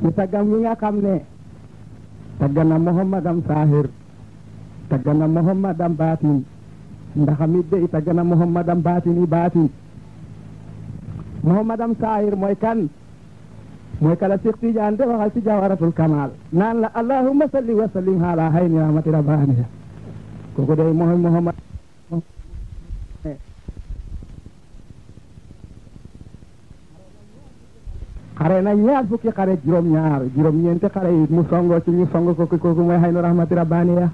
ci taggam yi nga xam ne tagg na muhammadam saahir tagg na muhammadam baatin ndaxamit baatin i baatin muhammadam saahir mooy kan mooy kala Seex Tijaan de waxal ci jawharatul kamal naan la allahumma salli wa sallim ala hayni rahmati rabbaniya kooku day mooy xare na ñaar fukki xare juróom-ñaar juróom-ñeenti xare yi mu songo ci ñu songo ko kooku mooy rahmati rabbaniya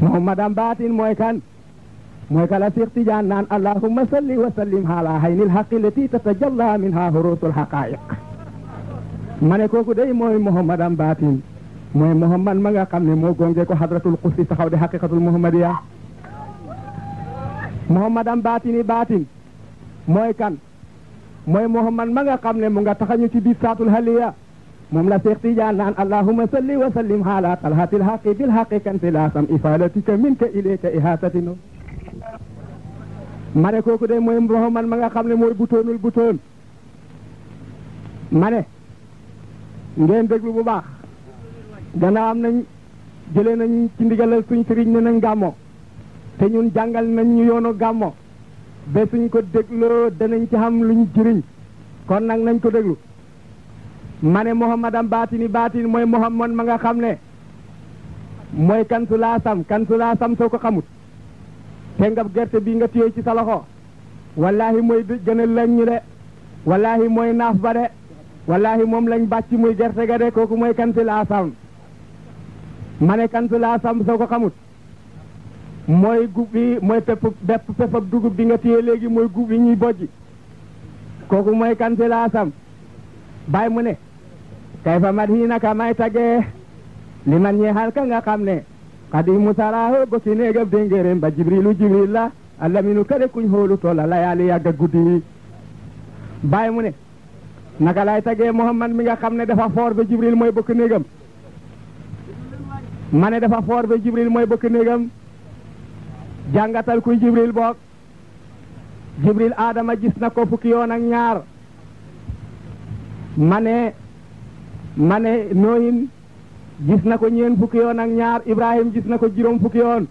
moom madam baatin mooy kan mooy kala Seex Tijaan naan allahumma salli wa sallim ala haynil haqqi lati tatajalla minha hurutul haqaaiq ma ne kooku day mooy muhammadan baatin mooy muhammad ma nga ne moo gonge ko hadratul qudsi taxaw di haqiqatul muhammadiya muhammadan baatini baatin mooy kan mooy Muhammad ma nga xam ne mu nga taxañu ci biir saatul haliya moom la Seex Tijaan naan allahumma salli wa sallim ala talhatil haqi bil haqi kan tilasam ifalatika minka ilayka ihatatino ma ne kooku de mooy Muhammad ma nga xam ne mooy butoonul butoon ma ne ngeen déglu bu baax gannaaw am nañ jëlee nañ ci ndigalal suñ sëriñ ne nañ gàmmo te ñun jàngal nañ ñu yoonu gàmmo ba suñ ko dégloo danañ ci xam luñ jëriñ kon nag nañ ko déglu ma ne muhammadam baatini baatin mooy muhammad ma nga xam ne mooy kan laa sam kan su laa sam soo ko xamut te nga gerte bii nga téye ci sa loxo wallaahi mooy gën a lañ ñu de wallaahi mooy naaf ba de wallaahi moom lañ bàcc muy gerte ga de kooku mooy kan su laa sam ma ne kan laa sam soo ko xamut mooy gub bi mooy pepp pepp dugub bi nga téye léegi mooy gub bi ñuy bojj kooku mooy kan si mu ne kay fa mat hii naka may tagee li man ñeexal ka nga xam ne xadi musaraaho gosi neegab dengeerem ba jibrilu jibril la alaminu kade kuñ xoolu tola layaali yàgga guddi yi mu ne naka lay tagee muhammad mi nga xam ne dafa foor ba jibril mooy bëkk néegam ma ne dafa foor ba jibril mooy bëkk néegam jàngatal kuy jibril boog jibril aadama gis na ko fukki yoon ak ñaar mane ne ma ne nooyin na ko ñeen fukki yoon ak ñaar ibrahim gis na ko juróom fukki yoon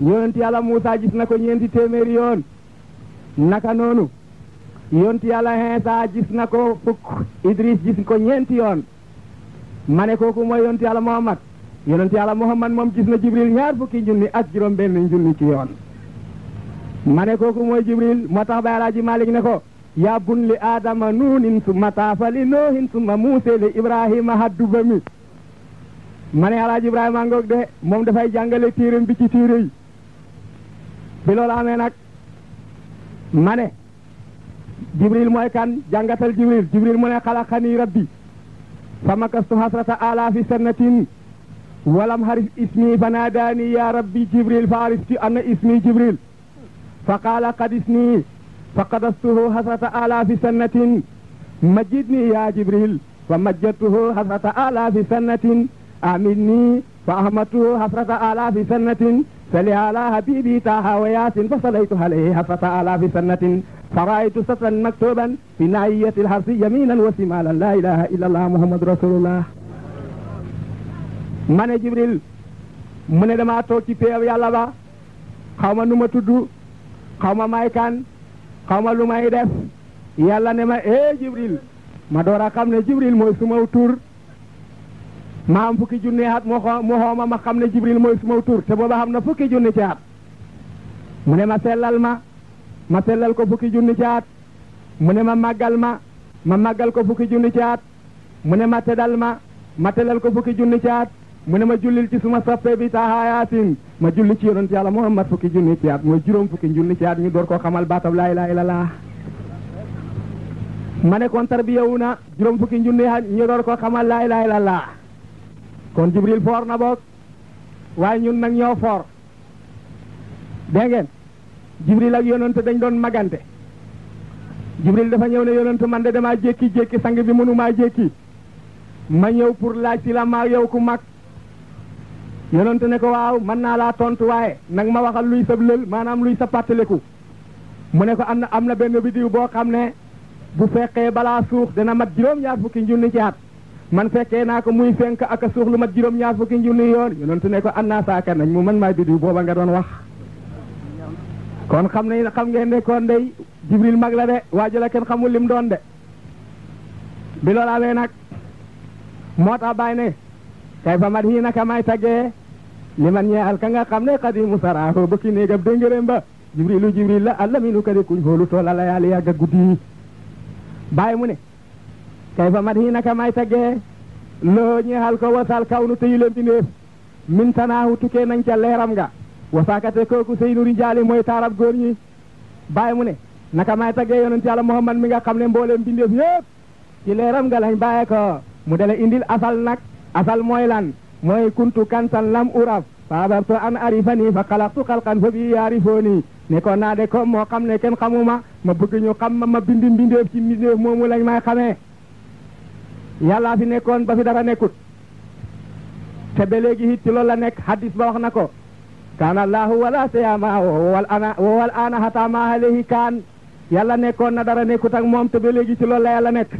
yonent yàlla Muusa gis na ko ñeenti téeméeri yoon naka noonu yonent yàlla Iisaa gis na ko fukk Idris gis ko ñeenti yoon ma ne kooku mooy yonent yàlla Muhammad yonent yàlla Muhammad moom gis na Jibril ñaar fukki junni ak juróom benn junni ci yoon ma ne kooku mooy Jibril moo tax ba Alaaji Malik ne ko yaa li aadama nuunin summa taafa li noohin summa muuse li ibrahima hadduba mi ma ne alaaji ibrahima ngoog de moom dafay jàngale téeram bi ci téere yi bi loolu amee nag ma ne mooy kan jàngatal jibril jibril mu ne xalaxani rabbi fa makastu hasrata alaafi sannatin ولم هرج اسمي فناداني يا ربي جبريل فعرفت أن اسمي جبريل فقال قد اسمي فقدسته حسرة آلاف سنة مجدني يا جبريل فمجدته حسرة آلاف سنة آمني فأحمدته حسرة آلاف سنة صل على حبيبي تاها وياسين فصليتها عليه حسرة آلاف سنة فرأيت سطرا مكتوبا في ناحية الحرس يمينا وشمالا لا إله إلا الله محمد رسول الله ma ne jibril mu ne damaa toog ci péew yàlla ba xaw ma nu ma tudd xawma ma may kan xaw lu may def yàlla ne ma eh jibril ma door a xam ne jibril mooy suma tur ma am fukki junni at mu xooma ma xam ne jibril mooy suma tur te booba xam na fukki junni ci mu ne ma sellal ma ma sellal ko fukki junni ci mu ne ma màggal ma ma màggal ko fukki junni ci at mu ne ma teddal ma ma teddal ko fukki junni ci at mu ne ma jullil ci suma soppe bi ta hayatin ma julli ci yonent yalla muhammad fukki junni ci at moy juróom fukki junni ci at ñu door ko xamal baatab la ilaha illallah ma ne kon tarbiyawuna na fukki junni ñu door ko xamal la ilaha illallah kon jibril lagi na bok way ñun nak ñoo for jibril ak yonent dañ doon magante jibril dafa ñew ne yonent man de dama jekki jekki sang bi mënumaa jekki ma ñew pour laaj ci la ma yow ku mak yonente ne ko waaw mën naa laa tontu waaye nag ma waxal luy sa lël maanaam luy sa pàttaliku mu ne ko am na am na benn biddiw boo xam ne bu fekkee balaa suux dana mat juróom-ñaar fukki junni ci at man fekkee naa ko muy fenk ak a suux lu mat juróom-ñaar fukki junni yoon yonente ne ko an naa saaka nañ mu man maay biddiw booba nga doon wax kon xam ne xam ngeen ne kon day jibril mag la de waajo la kenn xamul lim doon de bi loolu amee nag moo tax bàyyi ne kay fa mat hii naka may tagge li man ñee ka nga xam ne xadimu saraaho bukki néegam déngëréem ba jibrilu jibril la alla mi nu ka kuñ xoolu tool ala yàlla yàgga guddi bàyyi mu ne kay fa mat hii naka may tagge loo ñeexal ko wasal kaw nu teyule mbindeef min tanaahu tukkee nañ ca leeram nga wasaakate kooku seynu rijaali mooy taarab góor ñi bàyyi mu ne naka may tagge yonent yàlla muhammad mi nga xam ne mbooleem mbindeef yëpp ci leeram nga mu dale indil asal asal mooy lan mooy kuntu kantan lam uraf faadartu an arifani fa xalaqtu xalqan fa bi yaarifooni ne ko naa de ko moo xam ne kenn xamuma ma bëgg ñu xam ma ma bindi mbindeef ci mbindeef moomu lañ may xamee yàllaa fi nekkoon ba fi dara nekkut te ba léegi it ci lool la nekk hadis ba wax na ko kaan allahu wala sayama wowal ana wowal ana xataa maa kaan yàlla nekkoon na dara nekkut ak moom te ba léegi ci lool la yàlla nekk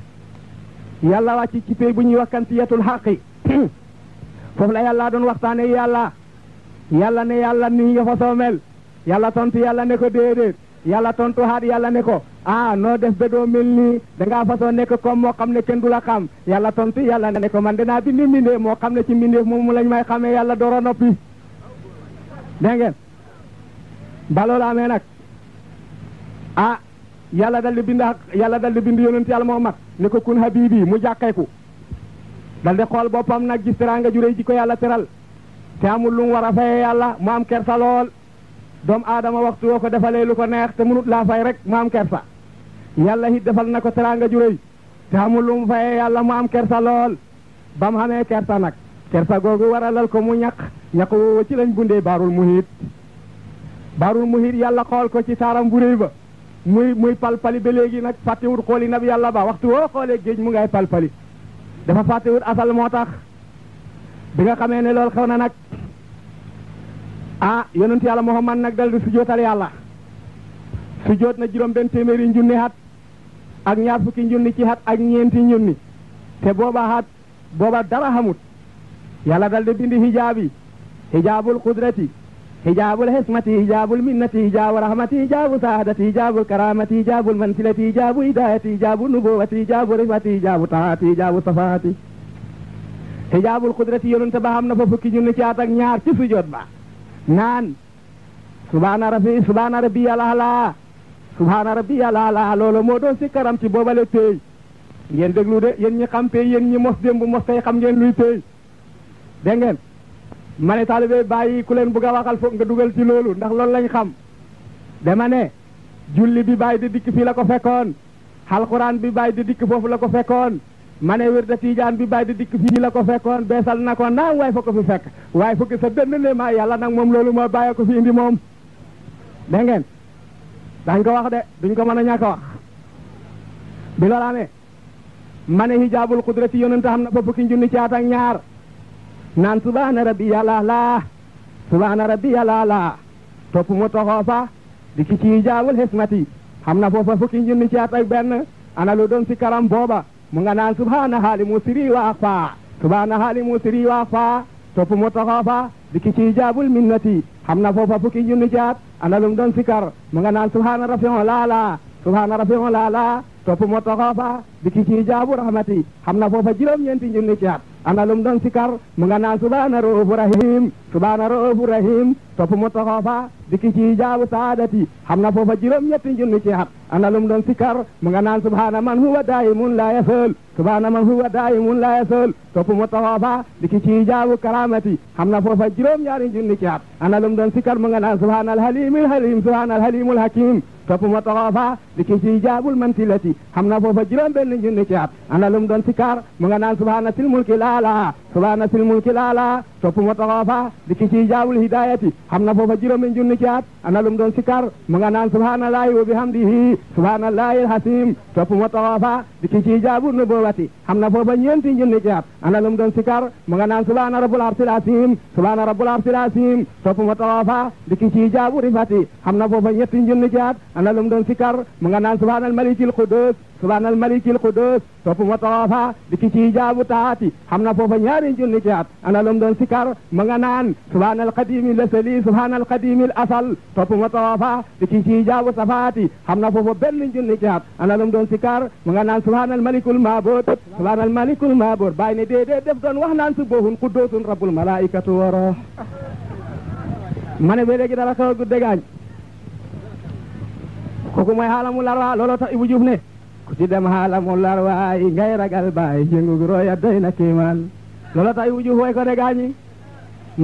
yàlla wàcc bu ñuy wax kansiyatul xaqi foofu la yàlla doon waxtaane yàlla yàlla ne yàlla nii nga fa soo mel yàlla tontu yàlla ne ko déedéet yàlla tontu xaat yàlla ne ko ah noo def ba doo mel nii dangaa fasoo nekk comme moo xam ne kenn du la xam yàlla tontu yàlla ne ko man danaa bindi mbindeef moo xam ne ci mbindeef moomu lañ may xamee yàlla door a noppi dégg ngeen baloo la amee nag ah yàlla dal di bind yàlla dal di bind moo mag ne ko kun habibi mu jàkkeeku dal di xool boppam nag gis teraanga ju réy ko yàlla teral te amul lu mu war a faye yàlla mu am kersa lool doomu aadama waxtu woo ko defalee lu ko neex te munut laa fay rek mu am kersa yàlla it defal na ko teraanga ju réy te amul lu mu faye yàlla mu am kersa lool ba mu xamee kersa nag kersa googu waralal ko mu ñaq ñaq woowa ci lañ bundee baarul muhiit baarul muhiit yàlla xool ko ci taaram bu ba muy muy palpali ba léegi nag fàttewut xooli nab yàlla ba waxtu woo xoolee géej mu ngay palpali dafa fàttewut asal moo tax bi nga xamee ne loolu xew na nag ah yonent yàlla Muhammad nag dal di sujjootal yàlla sujjoot na juróom benn téeméeri njunni xat ak ñaar fukki njunni ci xat ak ñeenti njunni te booba xat booba dara xamut yàlla dal di bindi hijaabi hijaabul qudrati हिजाब الحسمة हिजाब المنة हिजाब الرحمة हिजाब سعادة हिजाब الكرامة हिजाब المنزلة हिजाब هداية हिजाब النبوة हिजाब الرحمة हिजाब طاعة हिजाब صفاة hijaabul qudrati yonente ba am na fa fukki junni ci at ak ñaar ci sujjoot ba naan subhaana rabbi subhaana rabbi alaala subhaana rabbi alaala loolu moo doon si karam ci boobale tey ngeen déglu de yéen ñi xam tey yéen ñi mos démb mos tey xam ngeen luy tey dégg ngeen mane ne taalibe bàyyi ku leen bugg a waxal foog nga dugal ci loolu ndax loolu lañ xam dama ne julli bi bàyyi di dikk fii la ko fekkoon alxuraan bi bàyyi di dikk foofu la ko fekkoon ma ne da tiijaan bi bàyyi di dikk fii la ko fekkoon beesal na ko naam waay fa ko fi fekk waaye fukki sa dënn ne maa yàlla nag moom loolu moo bàyyi ko fi indi moom dégg ngeen dañ ko wax de duñ ko mën a ñàkk a wax bi loolu amee ma ne hijaabul qudrati yonent am na fa fukki junni ci at ak ñaar naan subhaana rabbiya laalaa subhaana rabbiya laalaa topp mu toxoo fa di ki ciy jaamul xismati xam na foofa fukki junni ci at ak benn ana lu doon si booba mu nga naan subhaana haali mu siri waa faa subhaana haali mu siri waa faa topp mu toxoo fa di ki jaabul minnati xam na foofa fukki junni ci at ana lu doon si mu nga naan subhaana rafion laalaa subhaana rafion laalaa topp mu toxoo fa di ki ciy jaabu xam na foofa juróom-ñeenti junni ci at ana lum doon sikar mu nga naan subhaana ra'uufu rahiim subhaana ra'uufu rahiim topp mu toxoo fa dikki ci jaabu saadati xam na foofa juróom ñetti junni ci at ana lum doon sikar mu nga naan subhaana man huwa daayimun laa yasool subhaana man huwa daayimun laa yasool topp mu toxoo fa dikki ci jaabu karamati xam na foofa juróom ñaari junni ci at ana lum doon sikar mu nga naan subhaana alhalimil halim subhaana alhalimul hakim topp mu toxoo fa dikki ci jaabul mantilati xam na foofa juróom benn junni ci at ana lum doon sikar mu nga naan subhaana silmulki laalaa subhaana sil mulki laala topp ma taxaw fa di ki ci jaabul hidayati xam na foofa juróomi junni ci at ana lum doon sikar mu nga naan subhaanallaahi wa bihamdihi subhaanallaahi alhasim topp ma taxaw fa di ki ci jaabul nubuwati xam na foofa ñeenti junni ci at ana lum doon sikar mu nga naan subhaana rabbul arsil asim subhaana rabbul arsil asim topp ma taxaw fa di ki ci jaabul rifati xam na foofa ñetti junni ci at ana lum doon sikar mu nga naan subhaanal malikil qudus subhaanal malikil qudus topp ma tawaafa di ki ci jaabu taati na foofa ñaari junni ci at ana lom doon sikar ma nga naan subhaanal qadimil asali subhaanal qadimil asal topp ma di ki ci jaabu tafaati na foofa benn junni ci ana lom doon sikar ma nga naan subhaanal malikul maabud subhaanal malikul maabud bàyyi ne déedéet def doon wax naan subuhun qudusun rabbul malaikatu wa ruh ma ne ba léegi dara xew a guddegaañ kooku mooy xaalamu larwaa ku ci dem xaalamu larwaay ngay ragal baay yëngu rooya doy na kiimaan loola tax wuju way ko de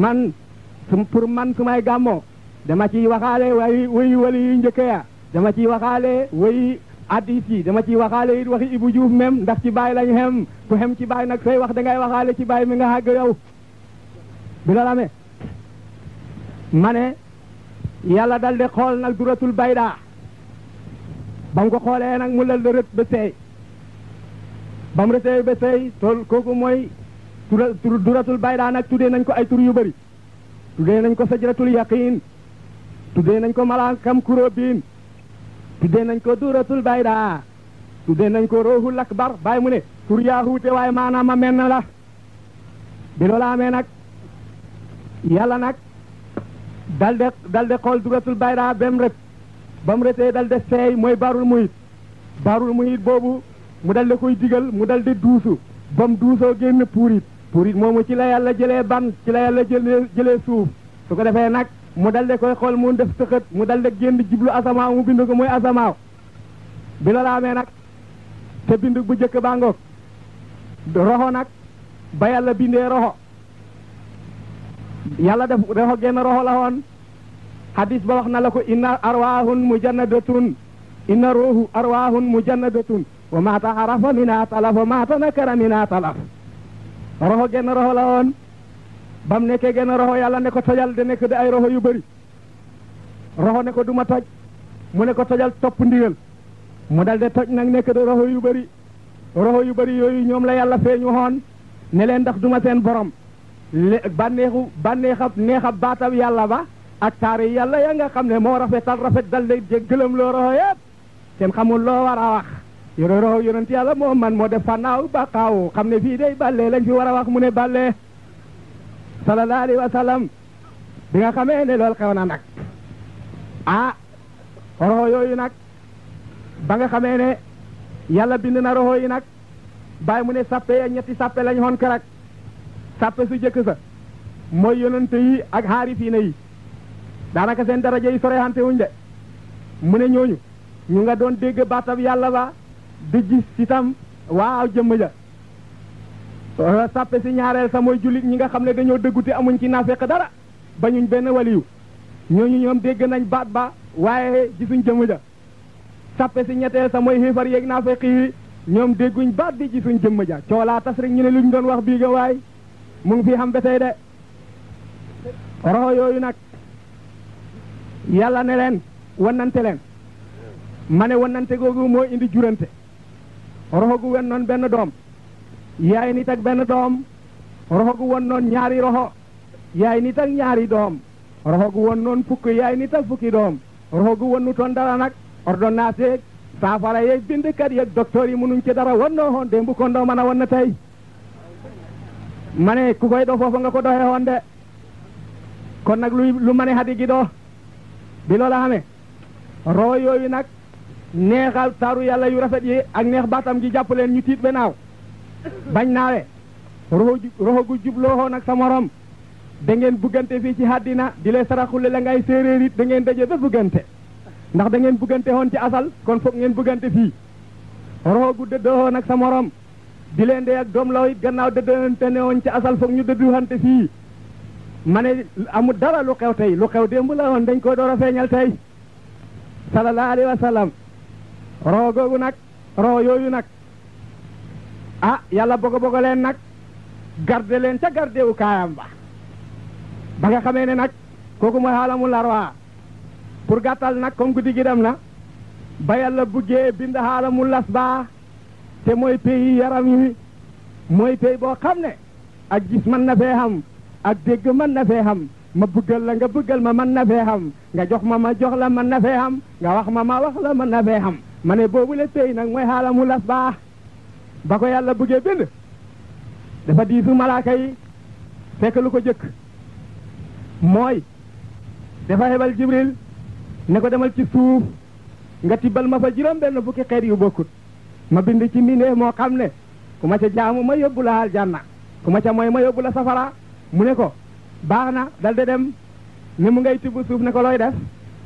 man pour man sumay gàmmo dama ciy waxaale way way wali yu njëkk ya dama ciy waxaale way addis yi dama ciy waxaale it waxi Ibou Diouf même ndax ci baay lañ xem ku xem ci baay nag sooy wax dangay waxaale ci baay mi nga xàgg yow bi la lame yàlla dal de xool nag duratul baydaa ba mu ko xoolee nag mu lal rët ba seey ba mu rësee ba seey tool kooku mooy tura duratul baydaa nag tuddee nañ ko ay tur yu bëri tuddee nañ ko sajratul yaqiin tuddee nañ ko malaakam kuróobiin tuddee nañ ko duratul baydaa tuddee nañ ko roohul akbar bàyyi mu ne tur yaa xuute waaye maanaam a menn la bi loola amee nag yàlla nag dal de de xool duratul baydaa bem rëpp ba mu retee dal de seey mooy baarul muhit baarul muhit boobu mu dal di koy digal mu dal di duusu ba mu duusoo génn puurit puurit moomu ci la yàlla jëlee ban ci la yàlla jëlee jëlee suuf su ko defee nag mu dal di koy xool mu def tëxët mu dal génn jiblu asamaaw mu bind ko mooy asamaaw bi loolu nag te bind bu njëkk baa ngoog roxo nag ba yàlla bindee roxo yàlla def roxo génn roxo la woon hadis ba wax na la ko inna arwaahun mujannadatun inna ruuhu arwaahun mujannadatun wa maa taarafa minaa talaf wa maa tanakara minaa talaf roxo genn roxo la woon bam nekkee genn roxo yàlla ne ko tojal de nekk di ay roxo yu bëri roxo ne ko duma ma toj mu ne ko tojal topp ndigal mu dal toj nag nekk di roxo yu bëri roxo yu bëri yooyu ñoom la yàlla feeñu xoon ne leen ndax duma seen borom bànneexu bànneexab neexab baatab yàlla ba ak taari yàlla ya nga xam ne moo rafetal rafet dal day gëlëm loo roxo yëpp seen xamul loo war a wax yore roxo yonent yàlla moo man moo def fannaaw baqaaw xam ne fii day bàllee lañ fi war a wax mu ne bale sallallahu alayhi wa sallam bi nga xamee ne lool xew na nag ah roxo yooyu nag ba nga xamee ne yàlla bind na roxo yi nag bàyyi mu ne sappe ya ñetti sappe lañ xoon kerak sappe su jëkk sa mooy yonent yi ak xaarifiina yi daanaka seen daraja yi soreyante wuñ de mu ne ñooñu ñu nga doon dégg baatab yàlla ba di gis itam waaw jëmm ja sàppe si ñaareel sa mooy jullit ñi nga xam ne dañoo dëggute amuñ ci naafeq dara bañuñ benn waliyu ñooñu ñoom dégg nañ baat ba waaye gisuñ jëmm ja sàppe si ñetteel sa mooy xiifar yeeg naafeq yi ñoom dégguñ baat bi gisuñ jëmm ja coolaa tas rek ñu ne luñ doon wax bii ga waay mu ngi fii xam ba tey de roxo yooyu nag yàlla ne leen wannante leen ma ne wannante googu moo indi jurante roxo gu wen noon benn doom yaay nii ak benn doom roxo gu won noon ñaari roxo yaay nii ak ñaari doom roxo gu won noon fukki yaay nit ak fukki doom roxo gu wonnu toon dara nag ordonnance yeeg saafara yeeg bindkat yeeg docteur yi munuñ ci dara wonnoo hoon démb kon doo mën a wonna tey ma ku koy do foofa nga ko doxee hoon kon nag lu lu ma ne hadi gi doo bi loola xamee roo yooyu nag neexal taru yàlla yu rafet yi ak neex baatam gi jàpp leen ñu tiit ba naaw bañ naawee roxo roxo gu jublooxoo nag sa moroom da ngeen buggante fii ci àddina di leen saraxule la ngay séeréer it da ngeen daje ba buggante ndax da ngeen buggante woon ci asal kon foog ngeen buggante fii roxo gu dëddooxoo nag sa moroom di leen dee ak doom law it gannaaw dëddante ne woon ci asal foog ñu dëdduxante fii ma ne amul dara lu xew tey lu xew démb la woon dañ koo door a feeñal tey sallallahu alayhi wa roo googu nag roo yooyu nag a ah, yàlla bogo bogo leen nag garde leen ca gardewu kaayam ba ba nga xamee ne nag kooku mooy xaalamul larwa pour gàttal nag comme guddi gi na ba yàlla buggee bind xaalamul las baa te mooy pays yaram yi mooy pays boo xam ne ak gis mën na fee xam ak dégg man na fee xam ma bëggal la nga bëggal ma man na fee xam nga jox ma ma jox la man na fee xam nga wax ma ma wax la mën na fee xam ma ne boobu la tey nag mooy xaalamu las baax ba ko yàlla bëggee bind dafa diisu malaaka yi fekk ko jëkk mooy dafa hebal jibril ne ko demal ci suuf nga tibbal ma fa juróom benn fukki xeet yu bokkut ma bind ci mbindeef moo xam ne ku ma ca jaamu ma yóbbu la aljanna ku ma ca mooy ma yóbbu la safara mu ne ko baax na dal di dem ni mu ngay tibb suuf ne ko looy def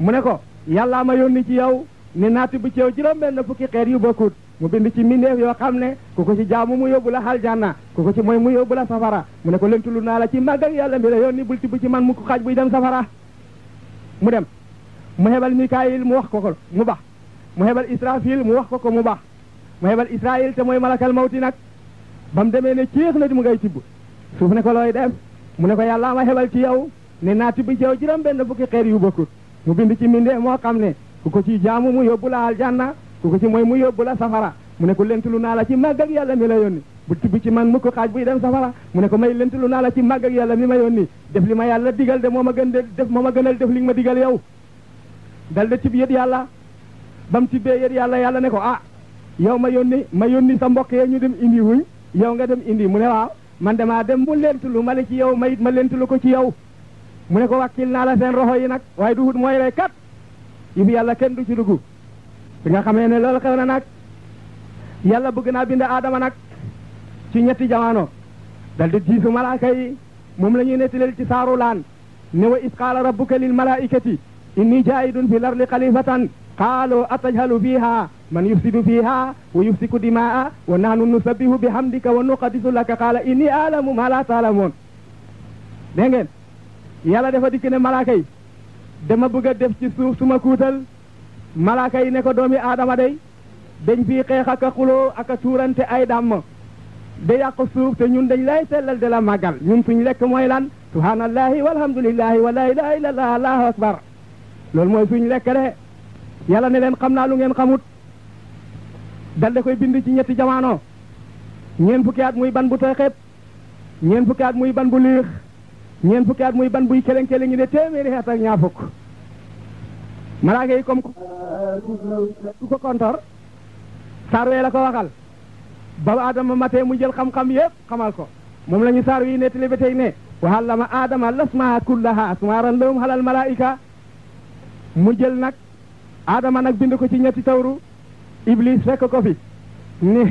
mu ne ko yàllaa ma yónni ci yow ne naat tibb ci yow juróom-benn fukki xeet yu bokkut mu bind ci mbindeef yoo xam ne ku ko ci jaamu mu yóbbu la aljanna ku ko ci mooy mu yóbbu la safara mu ne ko lëntulu naa la ci màgg ak yàlla mi la yónni bul tibb ci man mu ko xaj buy dem safara mu dem mu hebal mikaayil mu wax ko ko mu baax mu hebal israfil mu wax ko ko mu baax mu hebal israil te mooy malakal mawti nag ba mu demee ne céex na di mu ngay tibb suuf ne ko looy dem mu ne ko yàlla ma xebal ci yow ne naati bi jëw juróom benn fukki xeer yu bokkut mu bind ci mbindee moo xam ne ku ko ci jaamu mu yóbbu la aljanna ku ko ci mooy mu yóbbu la safara mu ne ko lu naa la ci màgg ak yàlla mi la yónni bu tibbi ci man mukk xaaj buy dem safara mu ne ko may lentulu naa la ci màgg yàlla mi ma yónni def li ma yàlla digal de moo ma de def moo ma gënal def li ma digal yow dal de tib yët yàlla ba mu tibbee yët yàlla yàlla ne ko ah yow ma yónni ma yónni sa mbokk yee ñu dem indi yow nga dem indi mu ne waaw man damaa dem bu lentulu ma ci yow mayit ma lentulu ko ci yow mu ne ko wàkkil naa la seen roxo yi nag waaye du mooy lay kat yi fi yàlla kenn du ci dugg bi nga xamee ne loolu xew na nag yàlla bëgg naa bind aadama nag ci ñetti jamono dal di diisu malaaka yi moom la ñuy nettaleel ci saaru laan ne wa is qaala rabbuka lil malaikati inni jaayidun fi lardi xalifatan qaalu atajhalu fiiha man yufsidu fiha wa yufsiku dimaa wa nahnu nusabbihu bihamdika wa nuqaddisu laka qaala inni alamu ma la taalamoon dégg ngeen yàlla dafa dikk ne malaaka yi dama bëgg a def ci suuf suma kuutal malaaka yi ne ko doomi aadama day dañ fii xeex ak xuloo ak tuurante ay dàmm da yàq suuf te ñun dañ lay sellal de la màggal ñun suñ lekk mooy lan subhanallahi walhamdulillahi wa la ilaha illallah allahu akbar loolu mooy suñ lekk de yàlla ne leen xam naa lu ngeen xamut dal da koy bind ci ñetti jamaano ñeen fukki at muy ban bu tooy xeeb fukki at muy ban bu liix ñeen fukki at muy ban buy keleng keleng yi ne téeméeri xeet ak ñaar fukk yi comme ku saar wee la ko waxal ba adama matee mu jël xam-xam yépp xamal ko moom lañu ñu saar wi ne télé ba tey ne wa allama adama lasmaa kullaha asmaaran lahum halal malaa'ika mu jël nag aadama nag bind ko ci ñetti tawru iblis fekk ko fi ni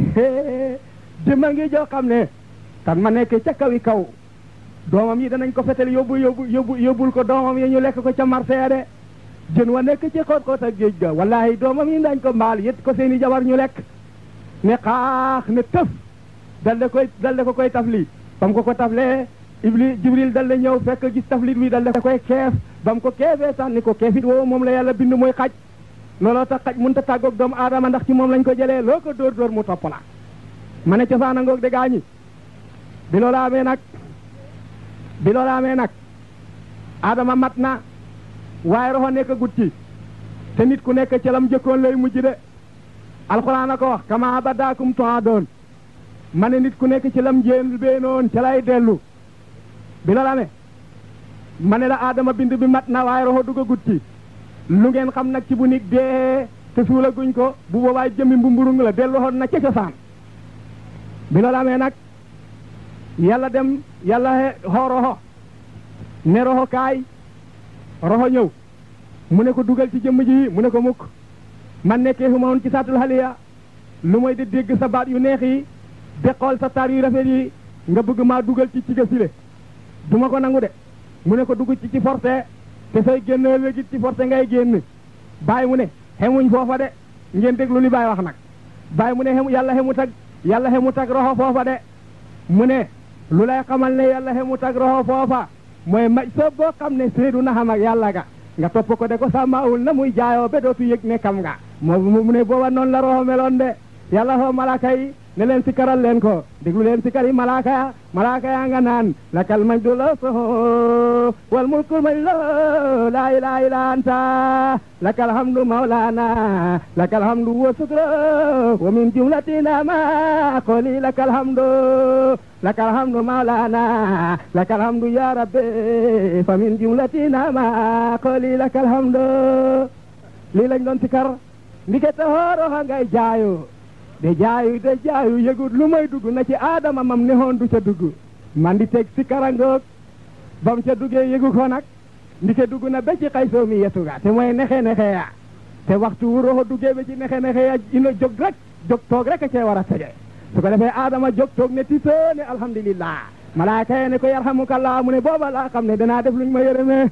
jëma ngi joo xam ne tan ma nekk ca kawi kaw doomam yi danañ ko fetel yóbbu yóbbu yóbbu yóbbul ko doomam yi ñu lekk ko ca marché ya de jën wa nekk ci xoot xoot ak géej ga wallaahi doomam yi dañ ko mbaal yët ko seeni jabar ñu lekk ne xaax ne tëf dal de koy dal de ko koy tafli bam ko ko taflee iblis jibril dal de ñëw fekk gis taflit wi dal de koy keef bam ko keefee sànni ko keefit woowu moom la yàlla bind mooy xaj looloo tax xaj mënut a tàggoog doomu aadama ndax ci moom lañ ko jëlee loo ko dóor dóor mu topp la ma ne cosaan ngoog de gaañi bi loola amee nag bi loola amee nag aadama mat na waaye roxo nekk gut ci te nit ku nekk celam jëkkoon lay mujj de alxuraan a ko wax kama badaakum tu'adoon ma ne nit ku nekk ci lam jéen beenoon ca lay dellu bi loola amee ne la aadama bind bi mat na waaye roxo dugg gud ci lu ngeen xam nag ci bu nit dee te suula guñ ko bu boobaa jëmmi bu mburung la delluwoon na ca cosaan bi loolu nag yàlla dem yàlla xoo roxo ne roxo kaay roxo ñëw mu ne ko dugal ci jëmm ji mu ne ko mukk man nekkee fu ma ci saatul xaliya lu moy di dégg sa baat yu neex yi de sa taar yu rafet yi nga bëgg maa dugal ci ci ga du ma ko nangu de mu ne ko dugg ci ci te say génnee wéggit ci forcé ngay génn bàyyi mu ne xemuñ foofa de ngeen déglu li bàyyi wax nag bàyyi mu ne xemu yàlla xemu tag yàlla xemu tag roxo foofa de mu ne lu lay xamal ne yàlla xemu tag roxo foofa mooy maj soob boo xam ne seedu na xam ak yàlla ga nga topp ko de ko sàmmaawul na muy jaayoo ba dootu yëg ne kam nga moo mu ne booba noonu la roxo meloon de yàlla soo malaka yi ne leen sikaral leen ko déglu leen sikari malaaka ya malaaka yaa nga naan lakal majdu lahu wal mulku lahu laa ilaaha illaa anta lakal hamdu mawlaana lakal hamdu wa sukru wa min jumlati naama qoli lakal hamdu lakal hamdu mawlaana lakal hamdu ya rabbi fa min jumlati naama qoli lakal hamdu lii lañ doon sikar ndike ta hooro ha ngay jaayo de jaayu de jaayu yëgut lu may dugg na ci aadama mam ne du ca dugg man di teg si karangoog ba ca duggee yëgu ko nag ndi dugg na be ci xay soo mi yetuga te mooy nexe nexe ya te waxtu wu roxo be ci nexe nexe ya ino jog rek jog toog rek a cee war a tege su ko defee aadama jog toog ne ti soo ne alhamdulillah malaaka yee ne ko yarhamukallah mu ne booba laa xam ne danaa def luñ ma yërëmee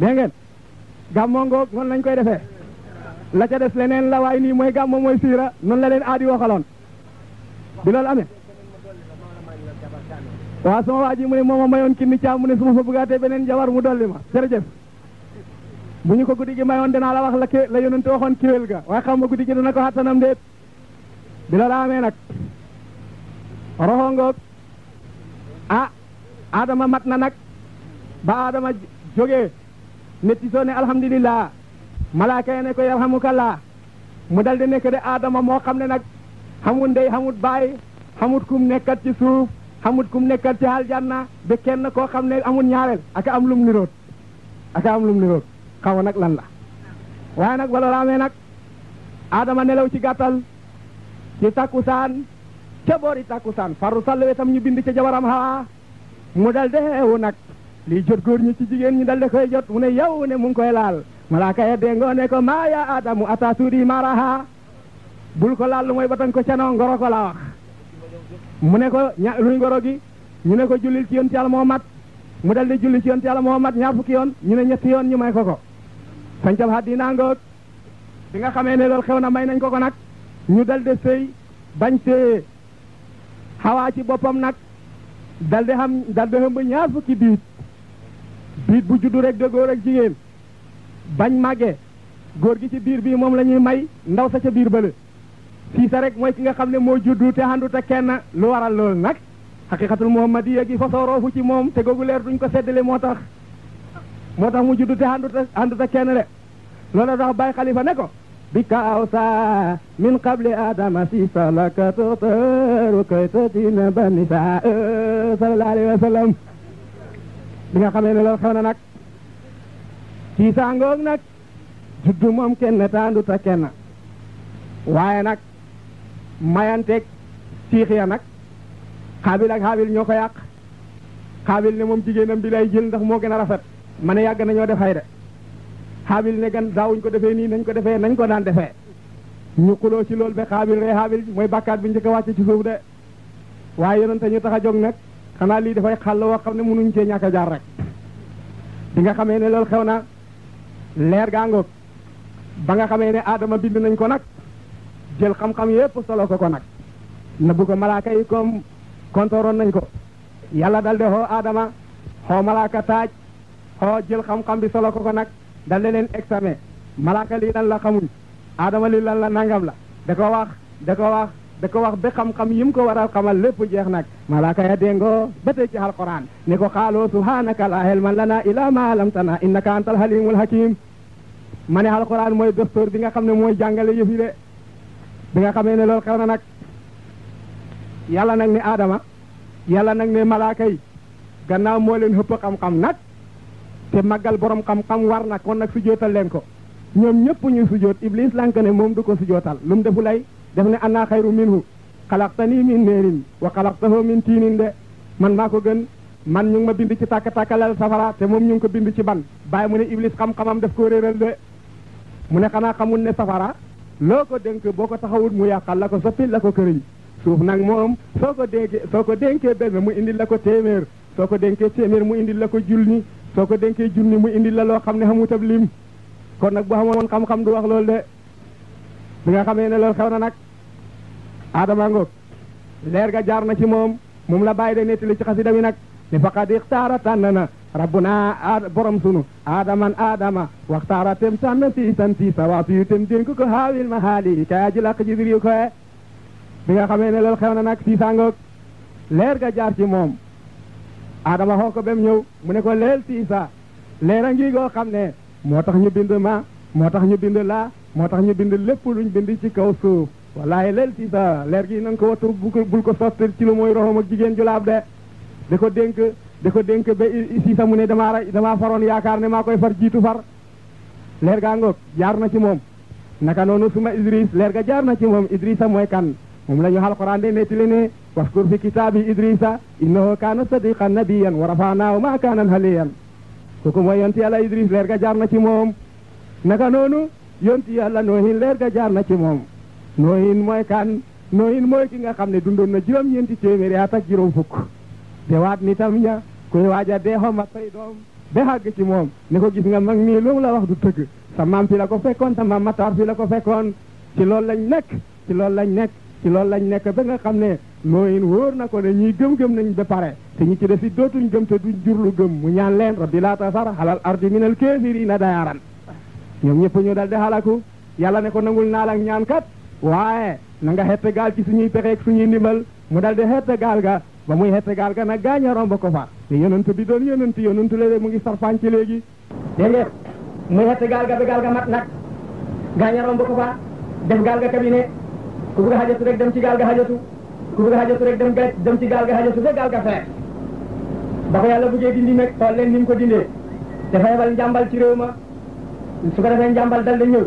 dégg ngeen gàmmoo ngoog noonu lañ koy defe la ca def leneen la waaye nii mooy gàmmo mooy siira noonu la leen aadi waxaloon bi loolu amee waaw sama mu ne mooma mayoon kinni caam ne su fa bëggaatee beneen jabar mu dolli ma jërëjëf bu ñu ko guddi gi mayoon dinaa la wax la ke la yonente waxoon kéwél ga waaye xam ma guddi gi dina ko xattanam déet bi loolu amee nag roxo ngoog ah mat na nag ba adama jógee ne tisoo ne alhamdulillah malaaka yi ne ko yarhamukallah mu dal di nekk de aadama moo xam ne nag xamut ndey xamut baay xamut kum nekkat ci suuf xamut kum nekkat ci aljanna ba kenn koo xam ne amul ñaareel aka am lum niroot aka am lum niroot xaw nag lan la waaye nag wala raamee nag aadama nelaw ci gàttal ci takkusaan ca boori takkusaan faru sàlluwe tam ñu bind ci jabaram xawaa mu dal de xeewu nag lii jot góor ñi ci jigéen ñi dal de koy jot mu ne yow ne mu ngi koy laal malaaka ya déngoo ne ko maa yaa aadamu ata suudi maraha bul ko laal lu mooy batan ko canoo ngoro ko la wax mu ne ko ña luy ngoro gi ñu ne ko jullil ci yoon ci moo mat mu dal di julli ci yoon ci moo mat ñaar fukki yoon ñu ne ñetti yoon ñu may ko ko sancam haddinaa ngoog bi nga xamee ne loolu xew na may nañ ko ko nag ñu dal sëy bañ téye xawaa ci boppam nag dal de xam dal hëmb ñaar fukki biit biit bu juddu rek de góor jigéen bañ màggee góor gi ci biir bii moom la ñuy may ndaw sa ca biir bële siisa rek mooy ki nga xam ne moo juddu te àndut kenn lu waral loolu nag xaqiqatul muhammadiya gi fasooroofu ci moom te googu leer duñ ko seddale moo tax moo tax mu juddu te àndut ak àndut ak kenn de loolu tax bàyyi xalifa ne ko bi ka saa min qabli adama siisa laka tuxtaaru kay tatina banisa sallallahu alayhi wa sallam bi nga xam ne loolu xew na nag tiisaa ngoog nag juddu moom kenn taandu ta na waaye nag mayanteeg siix ya nag xaabil ak xaabil ñoo ko yàq xaabil ne moom jigéenam bi lay jël ndax moo gën a rafet ma ne yàgg nañoo def xayda xaabil ne gan daawuñ ko defee nii nañ ko defee nañ ko daan defee ñu xuloo ci loolu ba xaabil ree xaabil mooy bàkkaat bi njëkk a wàcce ci suuf de waaye yonente ñu tax a jog nag xanaa lii dafay xàll woo xam ne mënuñ cee ñàkk a jaar rek di xamee ne loolu xew leer gaa ba nga xamee ne aadama bind nañ ko nag jël xam-xam yépp solo ko ko nag na bu ko malaaka yi comme kontoroon nañ ko yàlla dal de xoo aadama xoo malaaka taaj xoo jël xam-xam bi solo ko ko nag dal de leen examen malaaka lii lan la xamuñ aadama lii lan la nangam la da ko wax da ko wax da ko wax ba xam-xam yi mu ko war a xamal lépp jeex nag malaaka ya déngoo ba tey ci alquran ne ko xaaloo subhanaka la man lana ila ma alamtana innaka antal halimul hakim ma ne alxuraan mooy docteur bi nga xam ne mooy jàngale yëf de bi nga xamee ne loolu xew na nag yàlla nag ne aadama yàlla nag ne malaaka yi gannaaw moo leen xëpp xam-xam nag te màggal borom xam-xam war nag kon nag sujootal leen ko ñoom ñëpp ñu sujoot iblis lànk ne moom du ko sujootal lu mu defu lay def ne ana xayru minhu xalaqtani min neerin wa xalaqtahu min tiinin de man maa ko gën man ñu ngi ma bind ci tàkk-tàkkalal safara te moom ñu ko bind ci ban bàyyi mu ne iblis daf koo mu ne xanaa xamul ne safara loo ko dénk boo ko taxawul mu yàqal la ko soppil la ko këriñ suuf nag moom soo ko dénkee soo ko dénkee benn mu indi la ko téeméer soo ko dénkee téeméer mu indil la ko junni soo ko dénkee junni mu indi la loo xam ne xamu tab lim kon nag bu xamoon xam-xam du wax loolu de bi nga xamee ne lool xew na nag Adama ngoog leer ga jaar na ci moom moom la bàyyi de nettali ci xasida mi nag ne faqad ixtaara tànn na rabbuna borom sunu adaman aadama waxtaara tem sannati santi sawatiyu tem dénk ko haawil ma haali kaya ji lakk ji diri ko bi nga xamee ne loolu xew na nag siisangoog leer ga jaar ci moom aadama xoo ko bem ñëw mu ne ko leel siisa leer a ngi goo xam ne moo tax ñu bind ma moo tax ñu bind la moo tax ñu bind lépp luñ bind ci kaw suuf wallahi leel siisa leer gi na ko wattu bul ko sotti ci lu mooy roxom ak jigéen julaab de di ko dénk da ko dénk ba siisa mu ne damaa damaa faroon yaakaar ne maa koy far jiitu far leer gaa ngoog jaar na ci moom naka noonu suma idris leer ga jaar na ci moom idrisa mooy kan moom la ñu alquran de nettali ne waskur fi kitaabi idrisa innahu kaana sadiqan nabiyan wa rafanaahu makaanan haliyan kooku mooy yonti yàlla idris leer ga jaar na ci moom naka noonu yonti yàlla noohin leer ga jaar na ci moom noohin mooy kan noohin mooy ki nga xam ne dundoon na juróom-ñeenti téeméeri at ak juróom fukk kuy waaja dee xommat say doom ba xàgg ci moom ne ko gis nga mag mii lu la wax du tëgg sa maam fi la ko fekkoon sa maam Matar fi la ko fekkoon ci lool lañ nekk ci loolu lañ nekk ci loolu lañ nekk ba nga xam ne mooyin wóor na ko ne ñuy gëm-gëm nañ ba pare te ñi ci defi dootuñ gëm te duñ jurlu gëm mu ñaan leen rabbi laa tasar alal ardi minal kaafiriina dayaaran ñoom ñëpp ñu dal di xalaku yàlla ne ko nangul naal ak ñaan kat waaye na nga xett gaal ci suñuy pexeeg suñuy ndimbal mu dal di xett gaal ga ba muy xette gaal ga nag gaañ a romb ko fa te yonent bi doon yonent yonent léegi mu ngi sarfaan ci léegi dégg muy xette gaal ga ba gaal ga mat nag gaañ a romb ko fa def gaal ga cabinet ku bëgg a xajatu rek dem ci gaal ga xajatu ku bëgg a xajatu rek dem dem ci gaal ga xajatu ba gaal ga feer ba ko yàlla buggee dindi nag xool leen ni mu ko dindee dafa yebal njàmbal ci réew ma su ko defee njàmbal dal di ñëw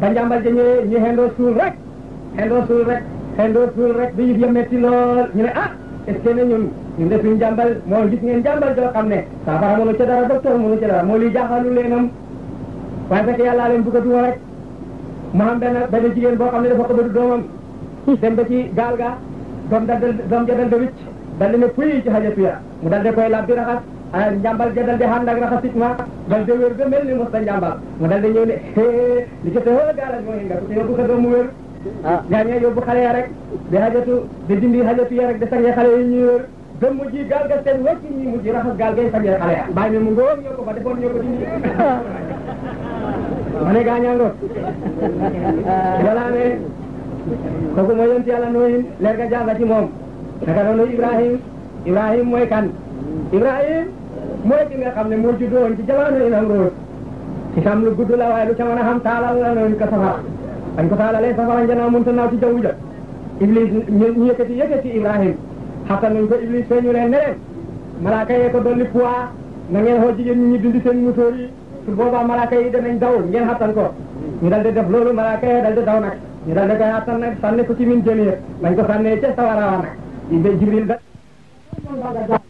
ba njàmbal ja ñëwee ñu suul rek xendoo suul rek xendoo est-ce ñun ñu def ñu jàmbal moo gis ngeen jàmbal joo xam ne saafara mënu ca dara docteur mënu ca dara moo li jaaxalu leenam waaye fekk yàllaa leen bëggatu woon rek mu am benn benn jigéen boo xam ne dafa xëbatu doomam dem ba ci gaal ga doom dal doom ja dal de wicc dal ne puy ci xajatu ya mu dal de koy labbi raxas njambal ja dal de xànd ak raxasit ma dal de wér ba mel ni mos ta njambal mu dal de ñëw ne li ci te gaal ak mooy nga ko te yóbbu ko doomu wér Ah. gaañee yóbbu xale ya rek di xajatu di dindi xajatu ya rek di sañee xale yi ñu wër ba mujj gaal ga seen wëcc ñi mujj raxas gaal gay sañee xale ya bàyyi mu ngóor ñoo ko fa defoon ñoo ko dindi ma ne wala ne kooku mooy yonti yàlla nooyin leer ga jaasa ci moom naka noonu ibrahim ibrahim mooy kan ibrahim mooy ki nga xam ne moo juddoo woon ci jamono inam roos ci xam lu gudd la waaye lu ca mën a xam taalal la noonu safar dañ ko taalale safara njanaaw mënta naaw ci jaww ja iblis ñu yëkkati yëkkati ibrahim xasan nañ ko iblis feeñu leen ne leen malaaka yee ko dolli poids na ngeen xoo jigéen ñi ñu dindi seen musóor yi su boobaa malaaka yi danañ daw ngeen xattan ko ñu dal di def loolu malaaka yee dal di daw nag ñu dal di koy xattan nag sànni ko ci min jëmir dañ ko sànnee ca sawara wa nag jibril da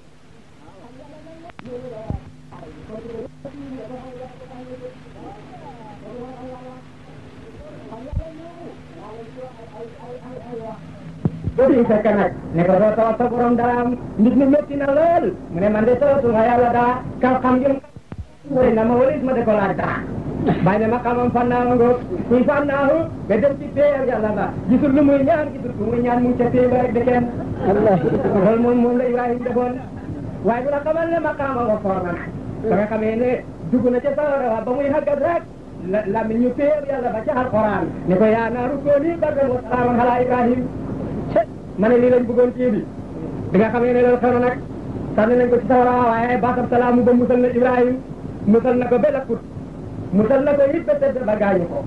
sëriñ fekk nag ne ko doo tawat sa borom daraam nit mi métti na lool mu ne man de tawatu nga yàlla daa kaw xam jëm wari na ma walis ma de ko laaj daa bàyyi ne ma xamam fannaawa ngoog kuy fannaahu nga dem ci péeyam yàlla ba gisul lu muy ñaan gisul ku muy ñaan mu ngi ca péey ba rek de kenn loolu moom moom la Ibrahima defoon waaye bu la xamal ne ma foor na ba nga xamee ne dugg ba muy xaggat rek la mi ñu péeyam yàlla ba ca alxuraan ne ko yaa naaru kooni bardan wa salaaman ala Ibrahima ma ne lii lañ bëggoon kii bi bi nga xamee ne loolu xew na nag sànni nañ ko ci sawara waaye baatam salaamu ba musal na ibrahim musal na ko ba lakkut musal na ko it ba tëdd ba gaañu ko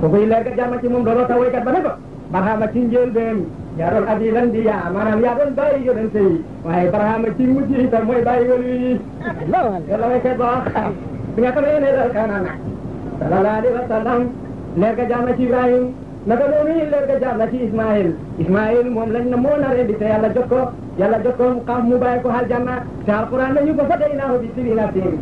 kooku leer ga jàmm ci moom doonoo taw waykat ba ne ko barxaama ci njël deen yaa doon abi lan di yaa maanaam yaa doon bàyyi yonente yi waaye barxaama ci mujj itam mooy bàyyi wal yi loolu la waykat ba wax bi nga xamee ne loolu xew na nag sallallahu alayhi wa sallam leer ga jàmm ci ibrahim naka noonu leer ga jaar na ci Ismaël Ismaël moom lañ ne moo naree di te yàlla jot ko yàlla jot ko mu xam mu bàyyi ko aljanna te alquran nañu ko fatay naa ko bi si biina siin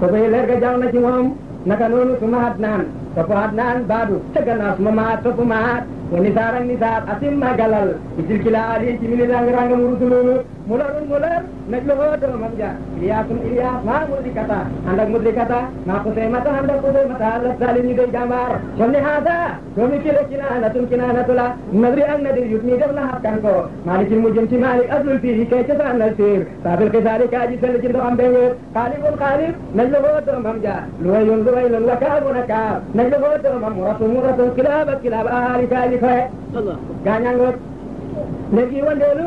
ko koy leer ga jaar na ci moom naka noonu suma hat naan topp hat naan baadu ca gannaaw suma maat topp maat wa nisaar ak nisaar asim magalal itil kila ali ci mini rang rang mu rusululu Mularun mular najluhu doomam jaar Ilyaasun Ilyaas maa mudrikata ànd ak mudrikata maa Qusaymata ànd ak Qusaymata àlla saalin ñu day jàmbaar kon ni haada doomi kile kinaanatun kinaanatu la nadri ak nadir yut nii def na xakkan ko maalikin mu jëm ci maalik aslul fiiri kay ca saanal siir saabil xisaari kaa ji sell ci ndoxam be wéet xaalibun xaalib najluhu doomam jaar luwayun luwayun wa kaabuna kaab najluhu doomam muratu muratu kilaaba kilaaba ahaali kaa li koye gaañangoot léegi wandeelu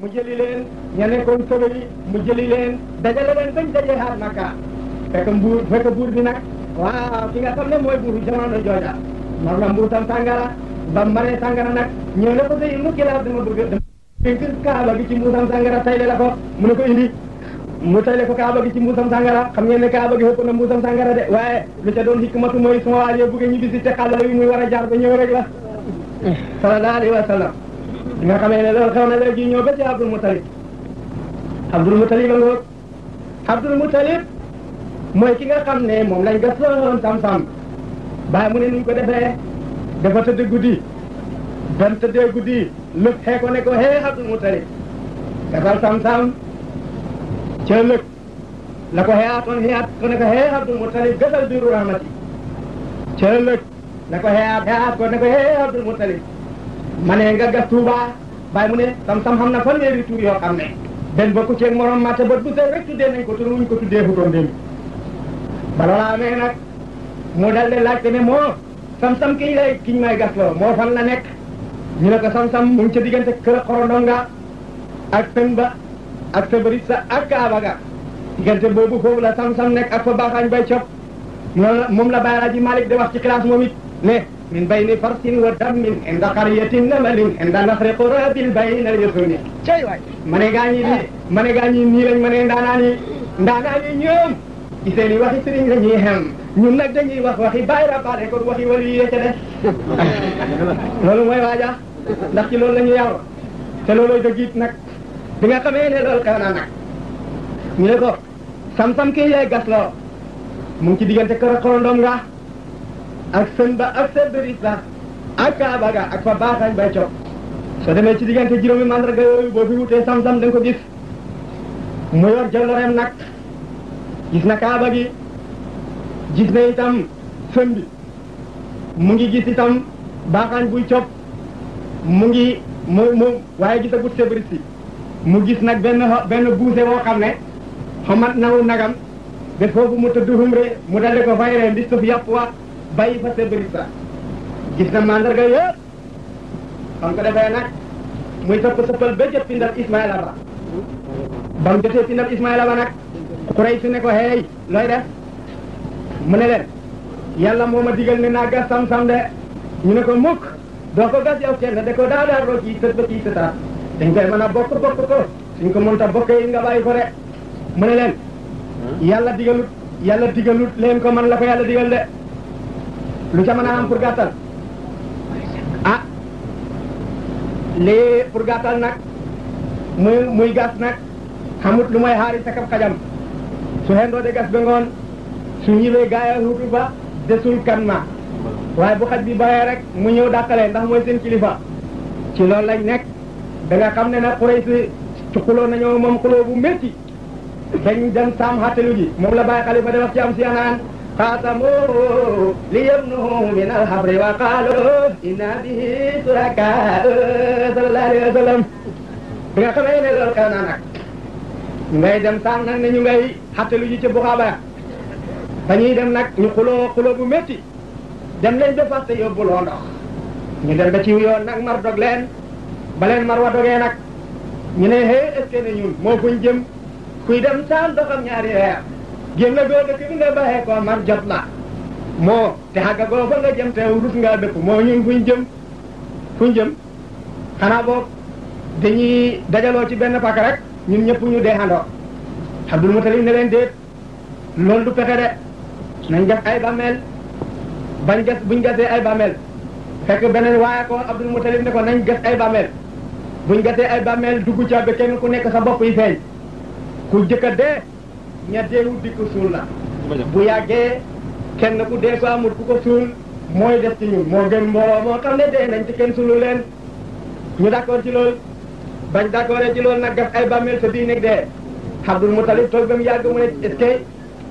mu jëli leen ña nekkoon sëba mu jëli leen dajale leen bañ dajee xaar makka fekk mbuur fekk bi nag waaw ki nga xam ne mooy buuru jamono jooja mar na mbuutam sàngara ba mbaree sàngara nag ñëw ne ko tey mu kilaas dama bëgg dama kaaba gi ci mbuusam sàngara tayle la mu ne ko indi mu tayle ko kaaba gi ci mbuusam sàngara xam ngeen ne kaaba gi xëpp na mbuusam sàngara de waaye lu ca doon hikmatu mooy suma waajee bëgg ñibbisi te xàllal yi muy war a ba la eh. bi nga xamee ne loolu xew na léegi ñëw ba ci Abdul Mutalib Abdul Mutalib a mooy ki nga xam ne moom lañ gasoon sam-sam bàyyi mu ne niñ ko defee dafa tëdd guddi ban tëddee guddi lëf xee ko ne ko hee Abdul Mutalib defal sam-sam ca la ko xeyaatoon xeyaat ko ne ko hee Abdul Mutalib gasal biiru rahmati ca la ko xeyaat xeyaat ko ne ko hee Abdul Mutalib mane nga gas Touba bay mu ne tam sam xam na fanweeri tour yo xam ne benn bokku ci morom mate bët du set rek tuddee nañ ko tur wuñ ko tuddee futoon démb ba loolaa amee nak mo dal de laj ne mo tam tam kiñ lay kiñ may gas loo moo fan la nek ñu ne ko tam tam mu ngi ca diggante kër xorondonga ak sën ba ak sabarit sa ak kaaba ga diggante bobu foofu la tam tam nek ak fa baxañ bay ciop mom la bayra Alaaji Malik di wax ci classe momit ne من بين فرس ودم عند قرية نمل عند نصر قراب البين يسوني mané gañi ni mané gañi ni lañ mané ndanani ndanani ñoom ci seeni waxi sëriñ la ñuy xam ñun nag dañuy wax waxi bàyyi rabaale kon waxi wali yee ca def loolu mooy waaja ndax ci loolu la ñu yaw te looloo jóg it nag bi nga xamee ne loolu xew naa nag ñu ne ko sam-sam kii yaay gas loo mu ngi ci diggante kër ak xorondoom nga ak sën ba ak sa bërit ba ak kaaba ga ak fa baaxañ bay cog soo demee ci diggante juróomi mandarga yooyu boo fi wutee sam-sam da nga ko gis mu yor jaloreem nag gis na kaaba gi gis na itam sën bi mu ngi gis itam baaxañ buy cog mu ngi mu mu waaye gisagut sa bërit si mu gis nag benn benn buuse boo xam xamat nawu nagam bés foofu mu tëdd humre mu daldi ko fay reen di suuf yàpp bayi fa sa bëri sa gis na mandarga yëpp xam ko defee nag muy sëpp sëppal ba jot pindal Ismaïla ba ba mu jotee pindal Ismaïla ba nag Quraysh ne ko hey looy def mu ne leen yàlla moo ma digal ne naa gas sam-sam de ñu ne ko mukk doo ko gas yow kenn da ko daa daa roo ci sët ba ci sëtaat dañ koy mën a bokk bokk ko suñ ko mënta bokkee nga bàyyi ko de mu ne leen yàlla digalut yàlla digalut leen ko man la ko yàlla digal de lu jaman mën a ah le pour nak, muy muy gas nak xamut lu may xaari sakab xajam su hendo de gas bengon su gaaya ba desul kan ma waaye bu xat bi baye rek mu ñew dakale ndax moy seen kilifa ci lool lañ nek da nga xamne ne quraysi ci xulo nañu mom xulo bu metti dañ dem sam hatelu ji mom la baye xali ba ci am ci خاتموه ليمنه من الحبر وقالوا إنا به شركاء صلى الله عليه وسلم bi nga xamee ne loolu xew naa nag ngay dem tànn nag nañu ngay xattalu ci buxaaba ba dem nak ñu xuloo xuloo bu dem leen ba fàtte yóbbuloo ndox ñu dem ba ci yoon nag mar dog leen ba leen mar wa dogee nag ñu ne hé est ce que ñun jëm kuy dem taal doxam ñaari génn goo dëkk bi nga baaxee ko mar jot na moo te xagga goo fa nga jëm te rut ngaa dëpp moo ñun fuñ jëm fuñ jëm xanaa boog dañuy dajaloo ci benn pak rek ñun ñëpp ñu deexandoo abdul mutalib ne leen déet loolu du pexe de nañ def ay bàmmeel bañ gas buñ gasee ay bàmmeel fekk beneen waaye ko abdul mutalib ne ko nañ gas ay bàmmeel buñ gasee ay bàmmeel dugg ca ba kenn ku nekk sa bopp yi feeñ ku jëkka dee ñetteelu dikk suul na bu yàggee kenn ku dee ko amul ku ko suul mooy def ci ñun moo gën mbooloo moo xam ne dee nañ ci kenn suulu leen ñu d'accord ci loolu bañ d'accord ci loolu nag gas ay bàmmeel sa bii nekk dee Abdul Mutalib toog ba mu yàgg mu ne est-ce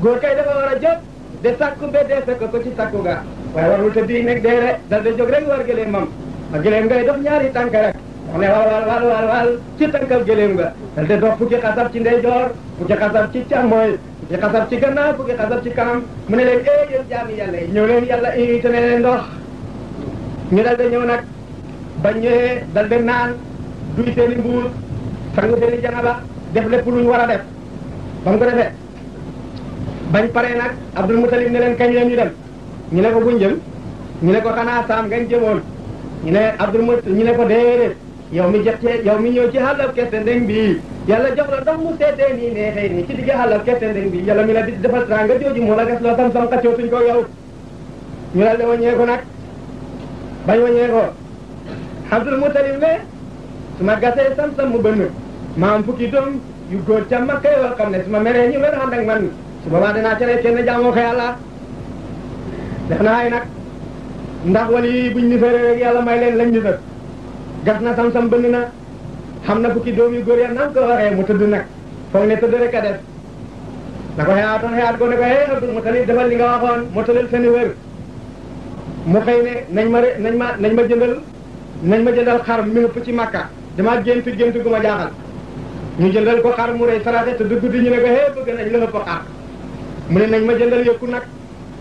góor kay dafa war a jóg de sàkku ba dee fekk ko ci sàkku ga waaye warul sa bii nekk dee rek dal de rek war gëleemam a gëleem ngay def ñaari tànk rek ne wal wal wal wal wal ci tànkal gëléem nga dal de dox fukki xasab ci ndeyjoor fukki xasab ci càmmooy fukki xasab ci gannaaw fukki xasab ci kanam mu ne leen eh yéen jaami yàlla yi ñëw leen yàlla invité ne leen ndox ñu dal de ñëw nag ba ñëwee dal de naan duy seen i mbuur sangu seen i janaba def lépp lu ñu war a def ba mu ko defee bañ paree nag Abdul Mutalib ne leen kañ leen ñu dem ñu ne ko buñ jëm ñu ne ko xanaa saam jëmoon ñu ne Abdul Mutalib ñu ne ko déedéet yow mi jette yow mi ñëw ci halal kete ndeng bi yalla jox la dom mu tete ni neexé ni ci digge halal kete ndeng bi yalla mi la di defal tranga joju mo la gas lo sam sam xaccio tuñ ko yow ñu la wañé ko nak bañ wañé ko abdul mutalib ne suma gasé sam sam mu bënn ma am fukki dom yu goor ca makka yo xamné suma méré ñu wër hand ak man su baba dina ci rek kenn jamo ko yalla def na ay nak ndax wali buñ ni féré rek yalla may leen lañ ñu def gas sam-sam bënd na xamna na fukki doom yu góor ya nam ko waxe mu tudd nak fo ne tudd rek a da ko haa xeyaatoon haa ko ne ko xee mu tali defal li nga waxon mu seen sen wër mu xëy ne nañ ma nañ ma nañ ma jëndal nañ ma jëndal xar mi ngi ci makka dama gën fi gën ma jaaxal ñu jëndal ko xar mu reey saraxe te dugg di ñu ne ko xee bëgg nañ la ko xar mu ne nañ ma jëndal yeeku nak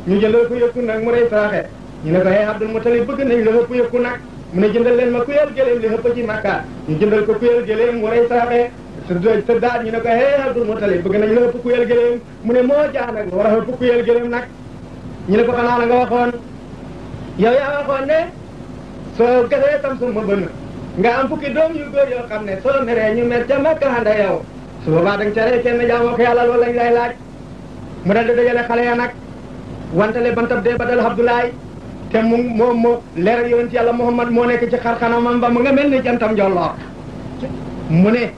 ñu jëndal ko yeeku nak mu reey saraxe ñu ne ko xee Abdul Mutalib bëgg nañ la ko yeeku nak mu ne jëndal leen ma kuyal gëleem li xëpp ci makka ñu jëndal ko kuyal gëleem mu rey saaxee tëdd tëddaat ñu ne ko hee abdul mutalib bëgg nañ la ëpp kuyal gëleem mu ne moo jaa nag war a ëpp kuyal gëleem nag ñu ne ko xanaa la nga waxoon yow yaa waxoon ne soo gasee tam suma bënn nga am fukki doom yu góor yoo xam ne soo meree ñu mer ca makka handa yow su boobaa da nga ca rey kenn jaamoo ko yàlla loolu lañ lay laaj mu dal di dajale xale ya nag wantale bantab dee badal abdoulaye té mo mo moo yonent yalla Muhammad mo nek ci xarxanamam ba nga melni jantam jolloor mu né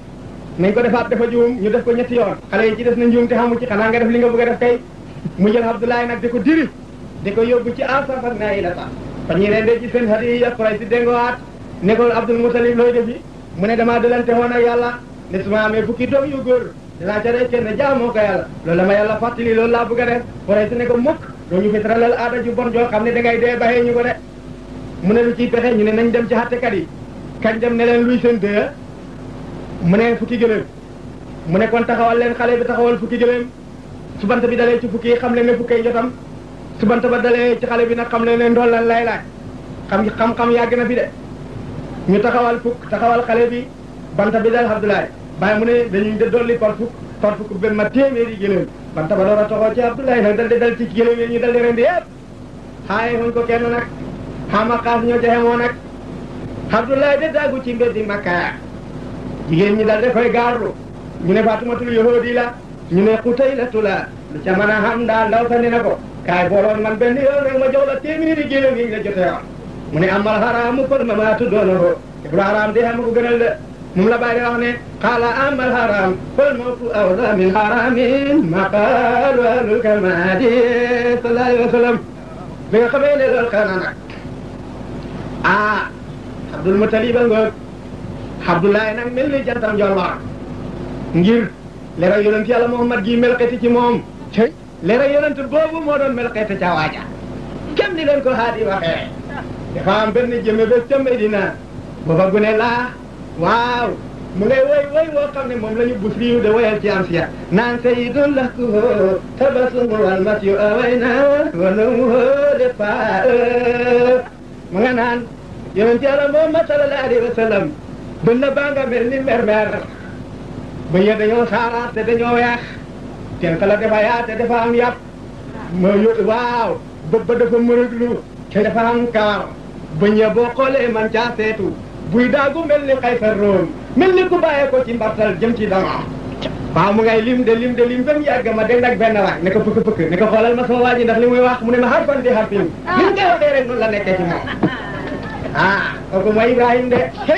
nañ ko defat dafa joom ñu def ko ñetti yoon xalé yi ci def na joom té xamu ci xana nga def li nga bëgg def kay mu jël abdullahi nak diko diri diko ko ci asaf ak nayila ta fa ñi rendé ci seen xat ray ci dengo at né ko Abdul Mutalib loy def yi mu né dama dalanté wona yalla né suma amé fukki doom yu góor dina ca rey kenn jaamoo ko yàlla loolu ma yalla fatali loolu la bëgg a def ray ci né ko mukk ñu fi tëralal aada ju bon joo xam ne dangay dee bàyyee ñu ko de mu ne lu ciy pexe ñu ne nañ dem ci xàttekat yi kañ dem ne leen luy seen dëye mu ne fukki gëléem mu ne kon taxawal leen xale bi taxawal fukki gëléem su bant bi dalee ci fukki xam leen ne fukkee jotam su bant ba dalee ci xale bi nag xam leen ne ndollal lay laaj xam xam-xam yàgg na fi de ñu taxawal fukk taxawal xale bi bant bi dal Abdoulaye bàyyi mu ne dañuy dolli par fukk tontu ko benn ma téeméeri gëléem banta ba door a toxoo ci Abdoulaye nag dal ci gëléem yi ñu dal rendi yëpp xaaye muñ ko kenn nag xama xaas ñoo joxe moo nag Abdoulaye de daggu ci mbeddi Makka jigéen ñi dal di koy gaarlu ñu ne Faatumaatul la ñu ne Xutaylatu la lu ca mën a xam daal ndaw na ko kaay booloon man benn yoon rek ma jox la téeméeri gëléem yi ñu la jotee woon mu ne amal xaraamu ma maa tuddoon ko iblu xaraam de xam ko moom la bàyyi wax ne xaala amal haram fal mawtu awla min haramin maqaalu ahlul kamaadi sallallahu alayhi wa sallam bi nga xamee ne loolu xew na nag ah abdul mutalib a ngoog abdoulaye nag mel ni jantam jolloor ngir lera yonent yàlla muhammad gi melxeti ci moom lera yonent boobu moo doon melxeti ca waaja kem ni leen ko haadi waxee dafa am benn jëme bés ca medina booba gune laa Wow, mulai way woy woy woo xam ne moom la ñu bus siap de woyal ci am siya naan sayidun lakuho tabasumu wal masyu mu wa nawmuho defaa ma nga naan yonent yàlla moom sallallahu alayhi wa sallam dënn baa nga mel ni mermer ba ya dañoo saaraat te dañoo weex ten kala dafa yaa te dafa am yàpp ma yót waaw bëb ba dafa te buy daagu mel ni xaysar room mel ni ku bàyyee ko ci mbartal jëm ci dama waaw mu ngay lim de lim de lim ba mu yàgg ma dend ak benn waay ne ko pëkk pëkk ne ko xoolal ma sama waa ji ndax li muy wax mu ne ma harfan di harfin li mu koy waxee rek noonu la nekkee ci moom ah kooku mooy Ibrahima de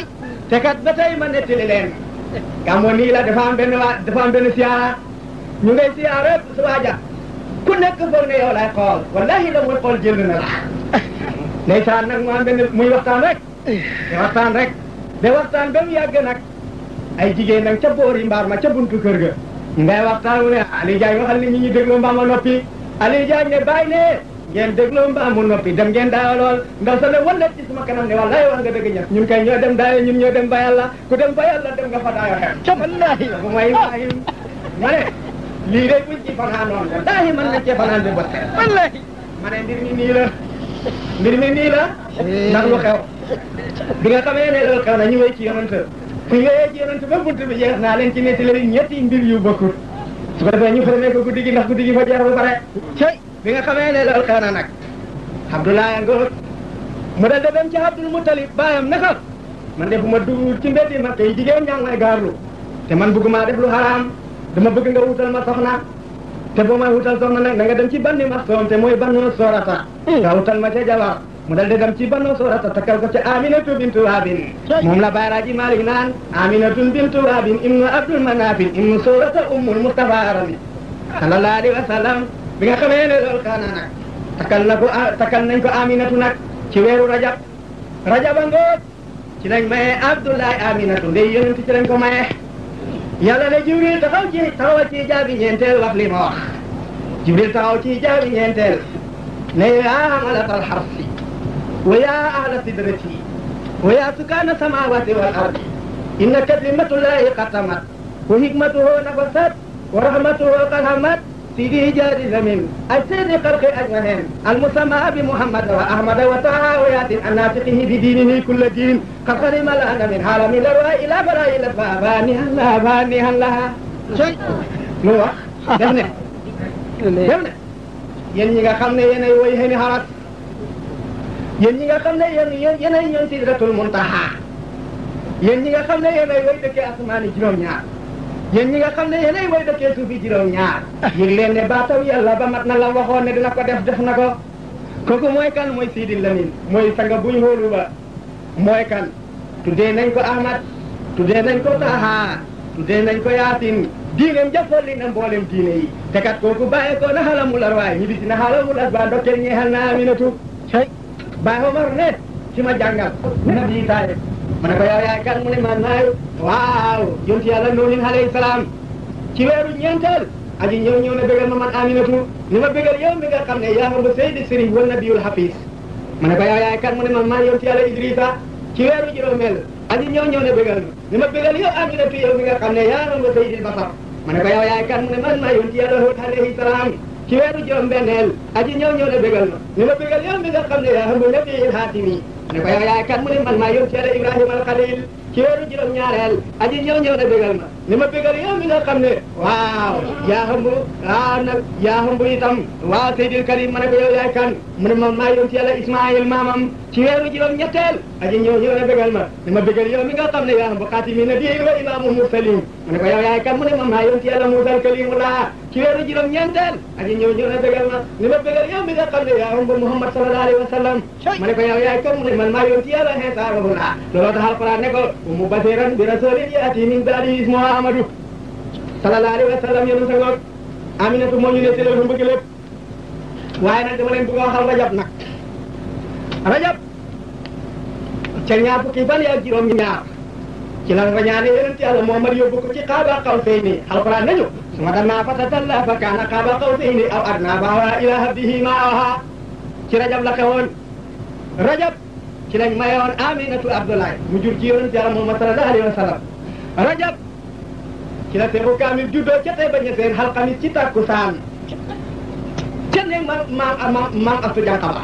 te kat ba tey ma nettali leen gàmmoo nii la dafa am benn waa dafa am benn siyaara ñu ngay siyaara su waaja ku nekk foog ne yow lay xool wallahi la muy xool jënd na la ndeysaan nag mu am benn muy waxtaan rek di waxtaan rek di waxtaan ba mu yàgg nag ay jigéen nag ca boor yi mbaar ma ca buntu kër ga ngay waxtaan mu ne Aliou Diagne waxal ni ñi ñu déglu mbaam mu noppi Aliou Diagne ne bàyyi ne ngeen déglu mbaam mu noppi dem ngeen daawa lool ndaw sa ne wala ci suma kanam ne wallaay wax nga dëgg ñett ñun kay ñoo dem daayo ñun ñoo dem ba yàlla ku dem ba yàlla dem nga fa daayo xew wallaahi bu may ma ne ci fanaanoon daayi mën nañ cee fanaan ba bët wallaahi ma la mbir mi nii la ndax lu xew bi nga xamee ne loolu xew na ñu wéy ci yonent fu ñu ci yonent ba bunt bi jeex naa leen ci nettali ñetti mbir yu bokkul su ko defee ñu xamee ko guddi gi ndax guddi gi fa jeex ba pare cey bi nga xamee ne loolu xew na nag Abdoulaye Ngor mu dal dem ci Abdul Muttalib baayam naka man de bu ma dugg ci mbedd ma tey jigéen ñaa ngi may gaarlu te man bëgguma def lu xaraam dama bëgg nga wutal ma soxna te boo may wutal soxna nag da nga dem ci banni maxsoom te mooy bannoo soorata hmm. nga wutal ma ca jabar mu dal di dem ci bannoo soorata takkal ko ca aminatu bintu waabin moom la baaraaji malik naan aminatu bintu waabin ibnu abdul manafin ibnu soorata ummul mustafa arabi sallallahu alayhi wa sallam bi nga xamee ne loolu xaana nag na ko ah, takkal nañ ko aminatu nag ci weeru rajab rajaba ngoot ci lañ mayee abdoulaye aminatu ndey yonent ci lañ ko mayee يلا لجبريل تخاو جي تخاو ويا أهل صدرتي ويا سكان السماوات والأرض إن كلمة الله قتمت وحكمته نفست ورحمته قلمت سيدي جار زمين أشد قرخ أجمهن المسمى بمحمد وأحمد وطه ويات الناسقه بدينه كل دين قرخ ملان من حرم لروا إلى برائي لفا باني الله باني الله شيء نوح دمنا دمنا يني غا خمني يني ويهني حرات يني غا خمني يني يني يني سيدرة المنتحى يني غا خمني يني ويدك أسماني جنوم نعم yéen ñi nga xam ne yéenay way dëkkee suufi juróom ñaar yëg leen ne baataw yàlla ba mat na la waxoon ne dina ko def def na ko kooku mooy kan mooy sidil lamin mooy sanga buñ hóolu ba mooy kan tuddee nañ ko ahmad tuddee nañ ko taha tuddee nañ ko yaasin diineem li na mboolem diine yi te kat kooku bàyyi ko na xalamul arwaay ñibbi si na ba asbaa ndokkeel ñeexal na aminatu bay mar ne ci ma jàngal nabi taayib mu ne ko yow yaay kan mu ne man maay waaw yonti yàlla noohin alayhi salaam ci weeru ñeenteel aji ñëw ñëw na bëggal ma man aminatu ni ma bëggal yow mi nga xam ne yaa nga sayyid sëriñ wal nabiyul hafiz mu ne ko yow yaay kan mu ne man maay yonti yàlla idrisa ci weeru juróomeel aji ñëw ñëw na bëggal ma ni ma bëggal yow aminatu yow mi nga xam ne yaa nga sayyidil basar mu ne ko yow yaay kan mu ne man maay yonti yàlla hud alayhi salaam ci weeru juróom benneel aji ñëw ñëw na bëggal ma ni ma bëggal yow mi nga xam ne yaa nga nabiyul hatimi يا كان من ما يمشي على ابراهيم الخليل ci weeru juróom ñaareel aji ñëw ñëw na bégal ma ni ma bégal yow mi nga xam ne waaw yaa xambu waaw nag yaa xambu itam waaw seydil karim ma ne ko yow yaay kan mu ne ma maa yonti yàlla ismaayil maamam ci weeru juróom ñetteel aji ñëw ñëw na bégal ma ni ma bégal yow mi nga xam ne yaa xambu xaatimi na bii wa imaamu mursalin mu ne ko yow yaay kan mu ne ma maa yonti yàlla muusal kalimullah ci weeru juróom ñeenteel aji ñëw ñëw na bégal ma ni ma bégal yow mi nga xam ne yaa xambu muhammad sallallahu alayhi wa sallam ma ne ko yow yaay kan mu ne man maa yonti yàlla xeesaarahuna looloo tax alquran ne ko ومبشرا برسول يأتي من اسمه أحمد صلى الله عليه وسلم أمينة لهم بكلب ci lañ mayoon aminatu abdoulaye mu jur ci yonent yàlla mohamad salallahu alayhi wa sallam rajab ci la tebu kamil juddoo ca tay bañ seen xalxamit ci tàkku saan ca ne ma ma maam maam astu jànqaba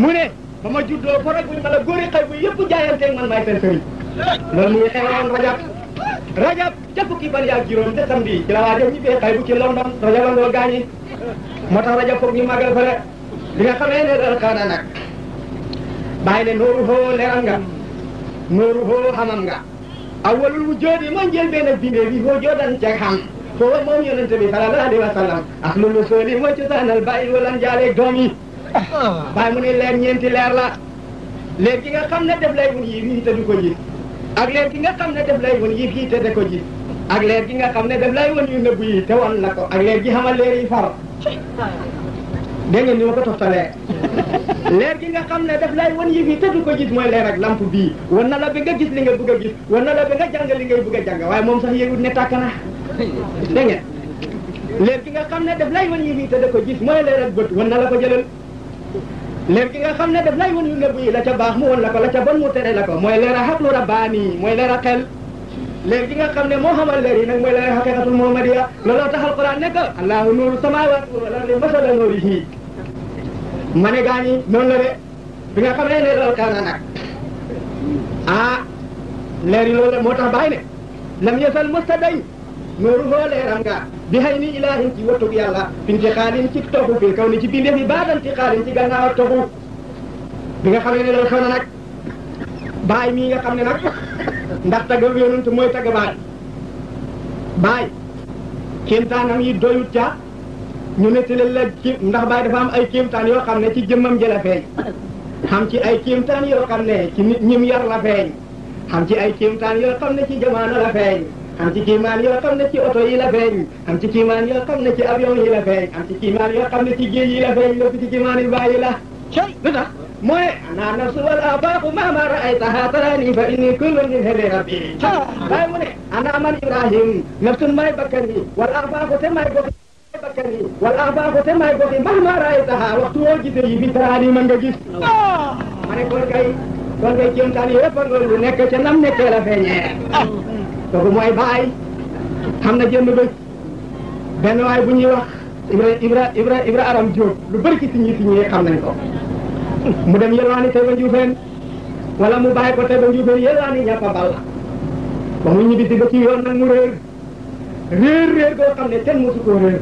mu ne ba ma juddoo ko rek buñ ma la góori xay bu yëpp jaayanteeg man may seen sëriñ loolu mu ngi xewoon rajab rajab ca fukki ban yaag juróom desam bi ci la waa jëm ñibbee xay bu ci london rajab ngoo gaañi moo tax rajab foog ñu màggal fa rek li nga xamee ne dara xaana nag bàyyi ne nooru hoo leeral nga nooru hoo xamam nga awalul wujoodi moo njëlbeen ak bindee bi hoo joodan ca xam foofa moom yonente bi sallallahu alayhi wa sallam ak lu lu sooli moo cosaanal bàyyi walan jaaleeg doom yi bàyyi mu ne leer ñeenti leer la leer gi nga xam ne def lay wun yiif yi te du ko gis ak leer gi nga xam ne def lay wun yiif yi te da ko gis ak leer gi nga xam ne def lay wun yu nëbb yi te wan la ko ak leer gi xamal leer yi far dégg ngeen ni ma ko toftalee leer gi nga xam ne daf lay wan yëf yi te du ko gis mooy leer ak lamp bii wan na la bi nga gis li nga bëgg a gis wan na la bi nga jàng li ngay bëgg a jàng waaye moom sax yëgut ne tàkk dégg ngeen leer gi nga xam ne daf lay wan yëf yi te da ko gis mooy leer ak bët wan na la ko jëlal leer gi nga xam ne daf lay wan yu yi la ca baax mu wan la ko la ca bon mu tere la ko mooy leer a rabbaani mooy leer a xel léegi nga xam ne moo xamal leer yi nag mooy leer xaqiqatul muhammadiya looloo tax alquran nekk allahu nuuru samaawaati wal ardi masala nuurihi ma ne gaa ñi noonu la de bi nga xam ne leer alquran na nag ah leer yi loolu moo tax bàyyi ne lam yasal mustadañ nuuru hoo leeram nga bi xay ni ilaahin ci watug yàlla pinti xaalin ci toxu fil kaw ni ci bindee fi baatanti xaalin ci gannaaw ak toxu bi nga xam ne leer alquran na nag bàyyi mii nga xam ne nag ndax tagab yonent mooy tagg baay baay kéemtaanam yi doyut ca ñu nettali la ci ndax baay dafa am ay kéemtaan yoo xam ne ci jëmmam ji la feeñ xam ci ay kéemtaan yoo xam ne ci nit ñim yar la feeñ xam ci ay kéemtaan yoo xam ne ci jamaano la feeñ am ci kiimaan yoo xam ne ci oto yi la feeñ am ci kiimaan yoo xam ne ci avion yi la feeñ am ci kiimaan yoo xam ne ci géej yi la feeñ lépp ci kiimaan yu bàyyi la cay lu tax مي أنا النفس والآفاق مهما رأيتها تراني فإني كل من هل ربي باي مني أنا من إبراهيم نفس ما يبكرني والآفاق تما يبكرني والآفاق تما يبكرني مهما رأيتها وقت وجدي في تراني من جيس ماني كل كي كل كي كم تاني يفعل كل نك كنام نك لا فيني تقول مي باي هم نجيم نبي بنو أي بني وخ إبرة إبرة إبرة إبرة أرام جود لبركة تيجي تيجي كم نكو mu dem yelwaani tay ba fen wala mu bàyyi ko tey ba njuufeen yelwaani ñàppa balla ba mu ñibi si ci yoon nak mu reer reer reer goo xam ten mu mosu koo réer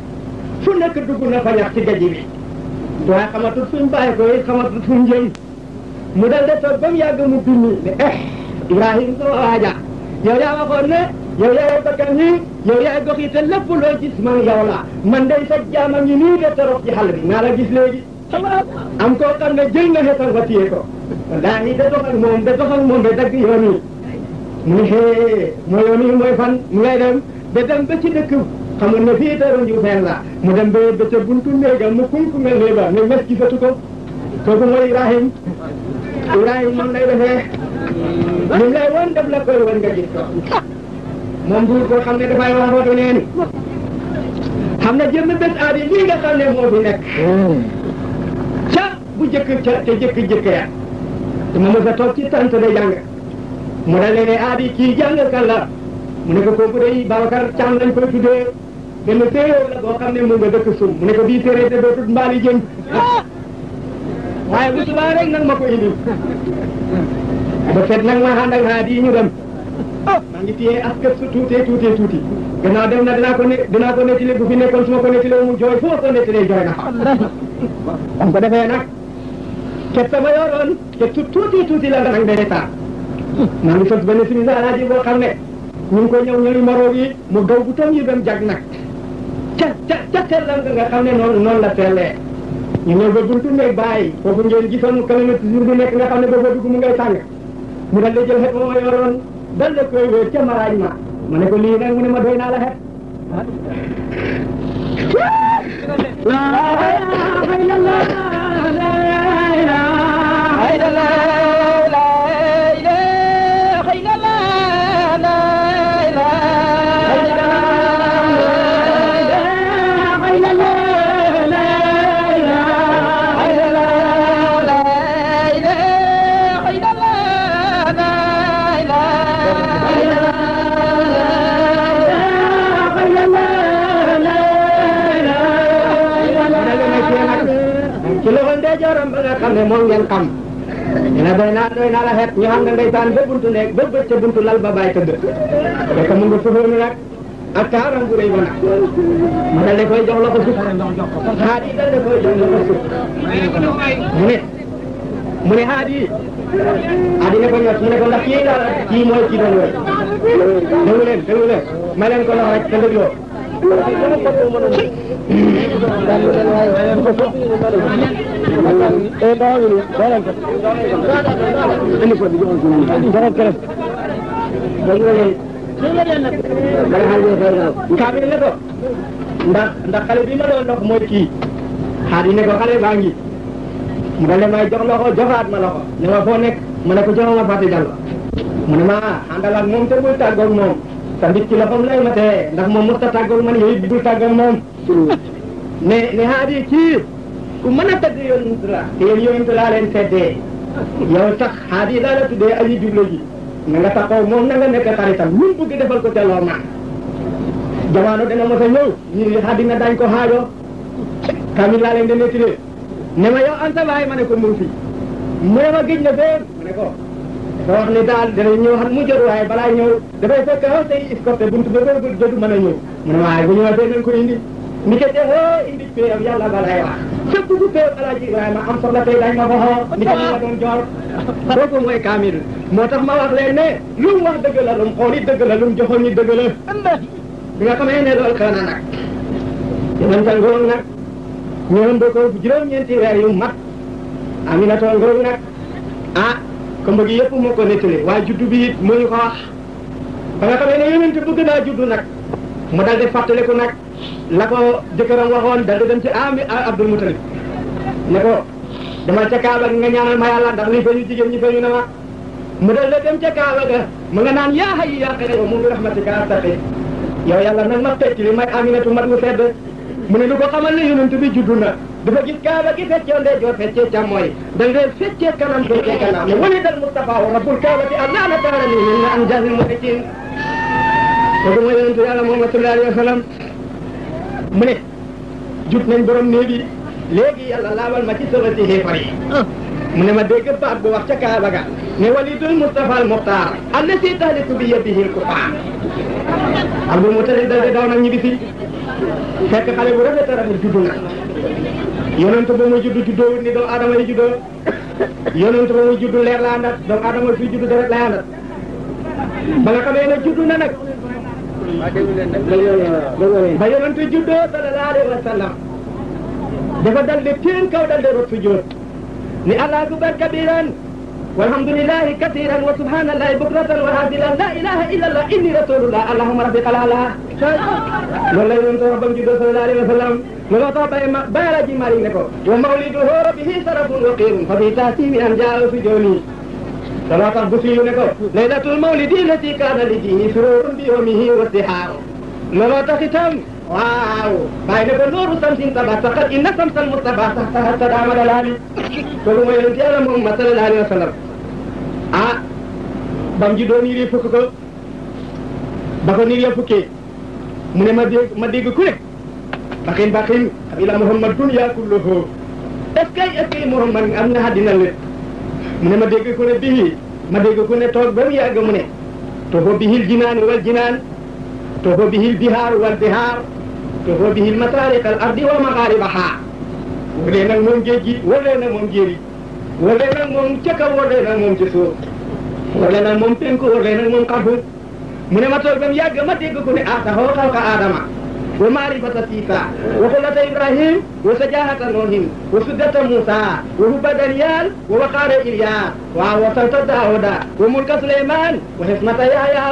fu nek duggu na fa ñax ci gaji bi do waaye xamatu fuñ bàyyi ko it xamatu fuñ jëm mu dal de tok bam yag mu binni ne eh ibrahim sama waaja yow ya wa ko ne yow ya yaay bakkan yi yow ya gox yi te lépp loo gis man yow la man day sa jaama ñu ni de torop ci xal bi na la gis legi am koo xam ne jël na xetal ba téye ko daa ni da doxal moom da doxal moom ba dagg yoon yi mu ne xee mooy yoon yi mooy fan mu ngay dem ba dem ba ci dëkk xamoon ne fii teeru ñu fenn la mu dem ba ba ca buntu néegam mu kunku mel ne ba ne mes gisatu ko kooku mooy Ibrahim Ibrahim moom lay defee li mu lay wan def la koy wan nga gis ko moom buur koo xam ne dafay wax waxu nee ni xam ne jëmm bés aadi lii nga xam ne moo fi nekk bu jëkk ca ca jëkk jëkk ya te ma mësa toog ci tant day jàng mu dal ne aadi kii jàngalkat la mu ne ko kooku day Babacar Thiam lañ koy tuddee benn téere la boo xam ne mu nga dëkk suum mu ne ko bii téere da dootul mbaali jëm waaye bu subaa rek nag ma ko indi ba fet nag ma ànd ak aadi ñu dem maa ngi téye askan su tuutee tuutee tuuti gannaaw dem na dinaa ko ne dinaa ko nettali bu fi nekkoon su ma ko nettalee mu jooy foo ko nettalee jooy na. am ko defee nag te sama yoroon te tu tuuti tuuti la nag day taar maa ngi fas benn simis alaaji boo xam ne ñu ngi ko ñëw ñëwi moroom yi mu gaw bu tam yi dem jag nag ca ca ca tellam nga xam ne noonu la tellee ñu ñëw ba buntu ne bàyyi foofu ngeen gisoon kanam toujours bu nekk nga xam ne ba dugg mu ngay tàng mu dal di jël xet ma yoroon dal di koy wéer ca maraaj ma ma ne ko lii nag mu ne ma doy naa la xet laa ilaaha illallaah I Ram, ne moom ngeen xam ñu ne doy naa doy naa la xeet ñu xam nga ndeysaan ba buntu nek ba bëcc buntu lal ba bay bàyyi da fekk mu ngi fofu fëfënu nag ak taaram bu reey ba ma dal di koy jox la ko ci jox ko yi dal di koy jox la ko ci mu ne mu ne xaat yi ne ko ñu mu ne ko ndax ki la ki moy kii doon wéy déglu leen déglu leen ma leen ko lox rek te dégloo Thank you. ايه بقى بارك اللي كنت بيقول بارك كده بقول bari hal yo fay raw nka be le ko ndax ndax xale bi ma doon dox mooy kii xaar yi ne ko xale baa ngi nga le may jox loxo joxaat ma loxo ne ma foo nekk mu ne ko jox ma fàtte jàll mu ne ma àndal ak moom te bul tàggoog moom te nit ci loxom lay matee ndax moom musta tàggoog man yooyu bul tàggoog moom ne ne xaar yi kii ku mën a tëdd yonent la te yéen yonent laa leen teddee yow sax xaadi laa la tuddee aji digle ji na nga taxaw moom na nga nekk xaritam lu mu bëgg defal ko te loo man jamono dana mos a ñëw ñu ne xaadi na dañ ko xaajo kamil laa leen di nettalee ne ma yow anta baay ma ne ko mu fi mu ne ma gëj na feen ma ne ko dafa wax ne daal dana ñëw xam mu jot waaye balaa ñëw dafay fekk yow tey is ko te buntu ba bërëb jot mën a ñëw mu ne waaye bu ñëwee fee nañ ko indi mi ini de ho indi peew yalla balaya sappu bu kamil mat mu dal di fàttaliku nag la ko jëkkëram waxoon dal di dem ci ami abdul mutalib ne ko dama ca kaaba nga ñaanal ma yàlla ndax li feeñu jigéen ñi feeñu na ma mu dal di dem ca kaaba ga mu nga naan yaa hayyu yaa qayyuum mu bi rahmatika astaqi yow yàlla nag ma fecc li may aminatu mat mu sedd mu ne lu ko xamal ne yonent bi juddu na dafa gis kaaba gi feccee ndeyjoor feccee càmmooy dal dee feccee kanam feccee kanam mu wali dal mustafa wa rabbul kaabati allah la taala ni min an jazil mutekin kooku mooy yonentu yàlla muhammad sallallahu alayhi wa sallam mune ne nañ borom neegi legi yalla lawal ma ci sërati xéefar yi ah. mu ma deg baat bu wax ca kaaba ga ne walidul mustafa al muhtar allati tahliku bi yadihi al qur'an abdul mutalib dal di daw nag fi fekk xale bu rafet rafet juddu na yonent ba muy ci juddoo ni do adama yi juddoo yonent ba mu juddu leer la andat do adama fi juddu dara la andat ba nga xamé na juddu na nak ba yonentu juddoo sallallahu alayhi wa sallam dafa dal di tiin kaw dal di rot sujjoot ni allah akbar kabiran والحمد لله كثيرا وسبحان الله بكرة وعادلا لا إله إلا الله إني رسول الله اللهم ربي قال الله والله ينتهى ربا جدا صلى الله عليه وسلم ملوطا بارا جمالي نكو ومولده ربه سرف وقير ففي تأتي من أنجاء في جولي كما قال بوسي لكم ليلة المولد التي كان لديه سرور بيومه وازدحام نبات ختام واو بينكم نور شمس تباسقت إن شمس المصطفى تحتها تدعم الألالي كل ما يلتي على محمد صلى الله عليه وسلم آه بمجي دوني ري فكك بكو نيري فكي من ما ديك ما ديك كوري بخين بخين إلى محمد دنيا كله اسكاي اسكاي محمد أمنا هدينا لك mune ma dégg ko ne bihil ma dégg ko ne toog ba mu yàgg mu ne toxo bihil jinaan wal jinaan toxo bihil bihaar wal bihaar toxo bihil masariq al ardi wa maxaaribahaa walee nag moom géej gi walee nag moom jéeri walee nag moom ca kaw walee nag moom ci suuf walee nag moom penku walee nag moom xarfu mu ne ma toog ba mu yàgg ma dégg ko ne ah taxoo ka aadama ومعرفة سيسا وخلة إبراهيم وسجاهة نوح وسدة موسى وهب دانيال ووقار إلياس وسلطة داود وملك سليمان وحكمة يحيى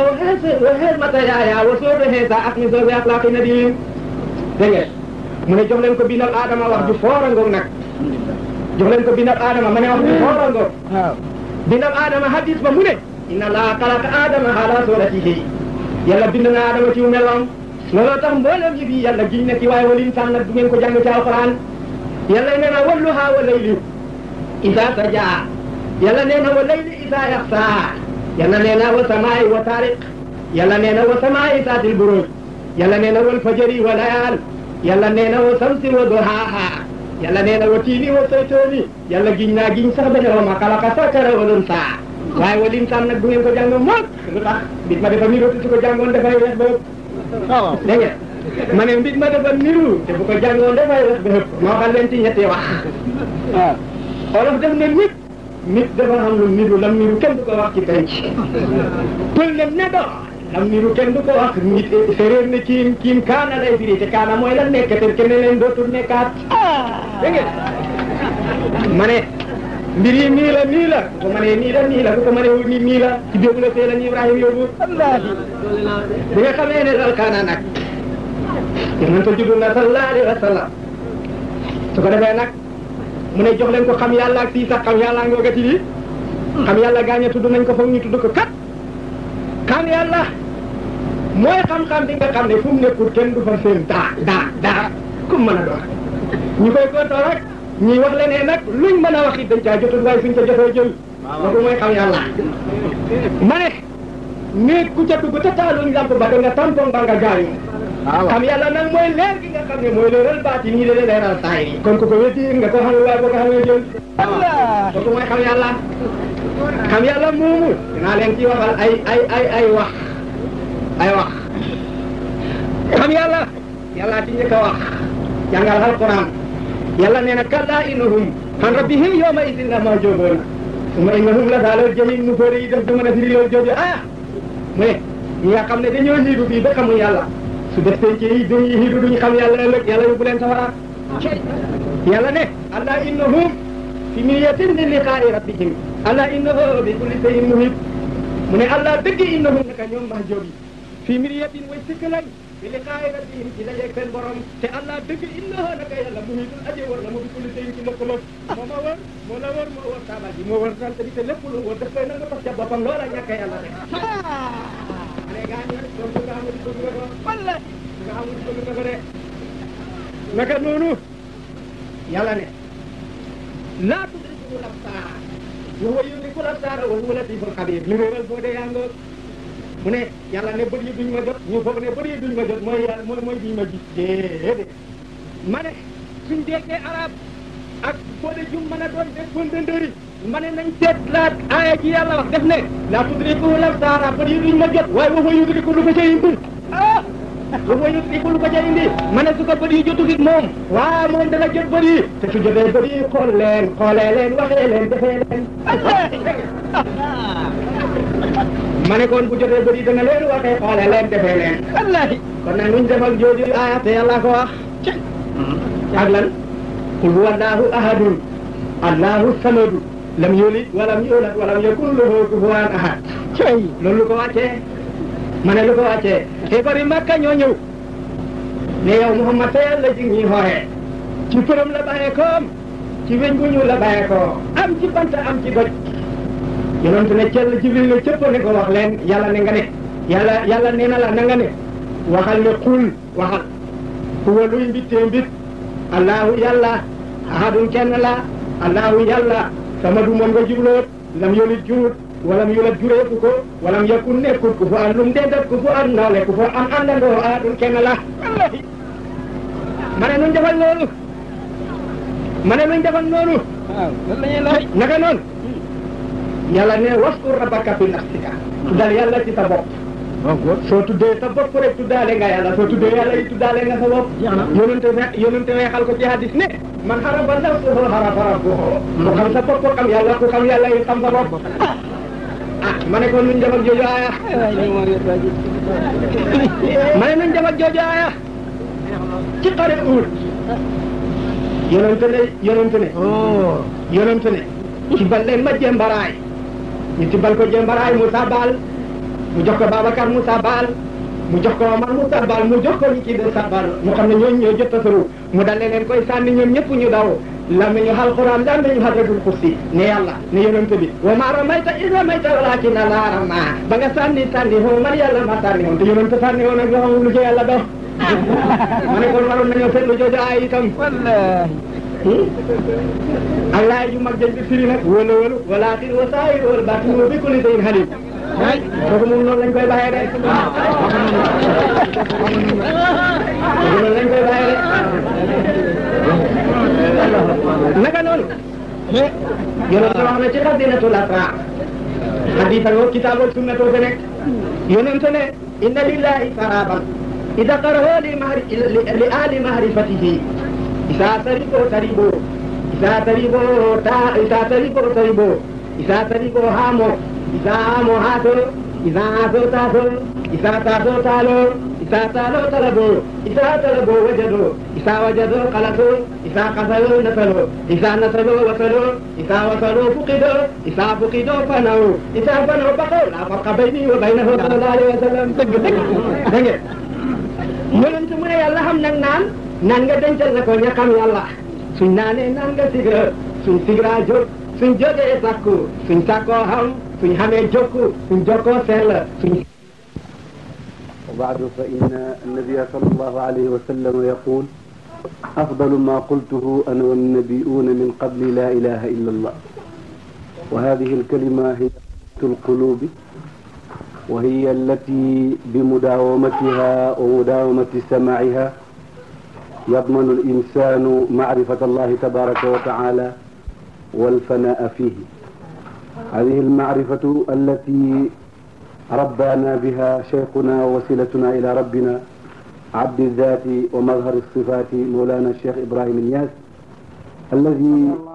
وحكمة يحيى وسور هيسا أخمي زوجي أخلاق النبي دنيا mu ne jox leen ko bindal aadama wax ju foora ngoog nag jox leen ko bindal aadama ma ne wax ju foora ngoog bindal aadama hadis ba mu ne inna laa xalaqa aadama ala suratihi yàlla bind na aadama ci melam looloo tax mboolem yi fi yàlla giñ na ci waaye wala insaan nag du ngeen ko jàng ci alquran yàlla nee na wallu haa wa layli isaa saja yàlla nee na wa layli isaa yaxsa yàlla nee na wa samaay wa taariq yàlla nee na wa samaay saatil buruj yàlla nee na wal fajari wa layaal yàlla nee na wa samsi wa duhaaha yàlla nee na wa tiini wa saytooni yàlla giñ naa giñ sax ba ne wa ma xalaqa sakara wal unsaa waaye wala insaan nag du ngeen ko jàng moom lu tax bit ma dafa miirootu su ko jàngoon dafay wees ba dégg ma ne mbir ma dafa niru te bu ko jàngoon dafay rek ba ëpp moo xam leen ci ñetti wax waaw olof def na nit nit dafa xam lu niru lam niru kenn du ko wax ci penc pël ne ne dox lam niru kenn du ko wax nit séréer ne kiim kiim kaana lay firi te kaana mooy la nekk te keneen leen dootul nekkaat dégg ma ne mbir mila nii la nii la ko mënee nii la nii la ko mënee nii nii la ci démb la fee la ñu Ibrahima yóbbu bi nga xamee ne salkaana nag yonent a judd na sallallahu alayhi wa sallam ko defee nag mu ne jox leen ko xam yàlla ak sii sax xam yàlla nga wagati xam nañ ko ñu ko kat xam-xam nga xam fu mu nekkul kenn du fa seen ku rek ñuy wax leneen nag luñ mën a wax it dañ caa jotul waaye suñ ca jotoo jël. waaw loolu mooy xam yàlla. ma ne néeg ku ca dugg te taaluñ lamp ba nga tampon ba nga gaañu. Ah, waaw xam yàlla nag mooy leer gi nga xam ne mooy leeral baat yi ñii dañuy leeral saa yi. kon ku ko wéddi nga ko xam waaye boo ko xamee jël. waaw loolu mooy xam yàlla. xam yàlla moomu. dinaa leen ci waxal ay ay ay ay wax ay wax. xam yàlla. yàllaa ci njëkk a wax. jàngal alquran. yàlla nee na kallaa innahum an rabbihim yawma idin la mahjuubuun summa innahum la saaloo jahim nu fóore yi def du mën a firi loolu jooju ah mu ne ñi nga xam ne dañoo hiidu fii ba xamuñ yàlla su def tey ci dañuy hiidu duñ xam yàlla ëllëg yàlla yóbbu leen safara yàlla ne allah innahum fi miryatin min liqaa'i rabbihim allah innahu bi kulli shay'in muhit mu ne allah dëgg innahum naka ñoom mahjuub yi fi miryatin way sëkk lañ bi liqaayi rabbihim ci dajeeg seen borom te allah dëgg innaha naka yàlla muhiitun aje wër la ma bi kulli shay'in ci lépp lépp moo ma wër moo la wër moo wër taaba ji moo wër tal te te lépp lu wër daf koy nangu tax ca boppam loola ñàkk yàlla rek ale gaa ñi doon ko nga xamul bëgg nga ko wala nga xamul bëgg nga ko de naka noonu yàlla ne laa tudrikul absaar wa huwa yudrikul absaar wa xabiir li réeral boo yaa nga mu ne yàlla ne bët yi duñ ma jot ñu ne bët yi duñ ma jot ne suñ déggee arab ak boole a doon def ma ne nañ seet laat aaya ji yàlla wax def ne laa tudriku lamsaara bët yi duñ ma jot waaye wa huwa yudriku lu ko ca indi ah wa huwa yudriku lu ko ca indi ma ne su ko bët yi jotugit moom waa moom dana jot bët yi te su jotee bët yi xool ma ne kon bu jotee bëri dana leen waxee xoolee leen defee leen. wallaahi kon nag nuñ def ak jooju aaya te yàlla ko wax. ak lan qul huwa allahu ahadun allahu samadu lam yulid walam yulad walam yakun lahu kufuwan ahad. cey loolu lu ko wàccee ma ne lu ko wàccee. te bari makka ñoo ñëw. ne yow Muhammad sa yàlla ji ñuy xooxee. ci përëm la bàyyeekoom. ci weñ bu ñuul la bàyyeekoo. am ci bant am ci goj. yonent ne cell jibril ne cëpp ne ko wax leen yàlla ne nga ne yàlla yàlla nee na la na nga ne waxal ne xul waxal huwa luy mbittee mbit allahu yàlla ahadun kenn la allahu yàlla sama du moom nga jubloot lam yolit jurut walam yulat jureeku ko walam yakun nekkut ku fa an lum dendat ku fa an nawle ku fa am àndandoo ahadun kenn la ma ne nuñ defal noonu ma ne nuñ defal noonu waaw lan la ñuy laaj naka noonu Yalla ne wasku rabbaka fi nafsika yalla yàlla ci sa bopp soo tuddee ta bopp rek tuddaale nga yàlla soo tuddee yalla yi tuddaale nga sa bopp ya, yonente yonente xal ko ci hadith ne man haraba nafsuhu haraba ko ko xam sa bopp kam yalla ko xam yalla yi xam sa bopp ah, mané ko ñu jëm ak jojo aya mané ne jëm ak jojo aya ci xare uut yonente ne oh. yonente ne yonente ne ci balle majje ñu tibbal ko jëmbaraay Moussa Baal mu jox ko Babacar Moussa Baal mu jox ko Omar Moussa Baal mu jox ko ci de Sabal mu xamne ñoo ñoo jot tasaru mu dal leen koy sanni ñoom ñepp ñu daw lamiñu alquran lamiñu hadratul kursi ne yalla ne yonente bi wa ma ramayta iz ta walakin la rama ba nga sanni sanni ho man yalla ma tanni ho te yonente sanni ho ak lu ci yalla do mané ko waru nañu nañoo seetlu ay itam wallahi الله يمجد بسرينك ولا ولا ولا تين وسائل ولا باتين وبكل شيء حليم kooku moom noonu lañ koy bàyyee de noonu lañ koy bàyyee de naka noonu yonent wax na ci xadinatul asra xadisa ngoo kitaab ak sunna too nekk yonent ne inna lillahi faraban ida qarahu li mahri li ali mahrifatihi إذا تريبو تريبو إذا تريبو تا إذا تريبو تريبو إذا تريبو هامو إذا هامو هاتو إذا هاتو تاتو إذا تاتو تالو إذا تالو طلبو إذا طلبو وجدو إذا وجدو قلتو إذا قتلو نسلو إذا نسلو وصلو إذا وصلوا فقدوا إذا فقدوا فنوا إذا فنوا بقوا لا فرق بيني وبينه صلى الله عليه وسلم دق دق دق يونس من يلا هم نان nan dencal la ko ña xam yàlla suñ naanee nan nga suñ sigraa jóg suñ jógee sàkku suñ sàkkoo xam suñ xamee jokku suñ suñ وبعد فإن النبي صلى الله عليه وسلم يقول أفضل ما قلته أنا والنبيون من قبل لا إله إلا الله وهذه الكلمة هي القلوب وهي التي بمداومتها ومداومة سماعها يضمن الإنسان معرفة الله تبارك وتعالى والفناء فيه هذه المعرفة التي ربانا بها شيخنا ووسيلتنا إلى ربنا عبد الذات ومظهر الصفات مولانا الشيخ إبراهيم الياس الذي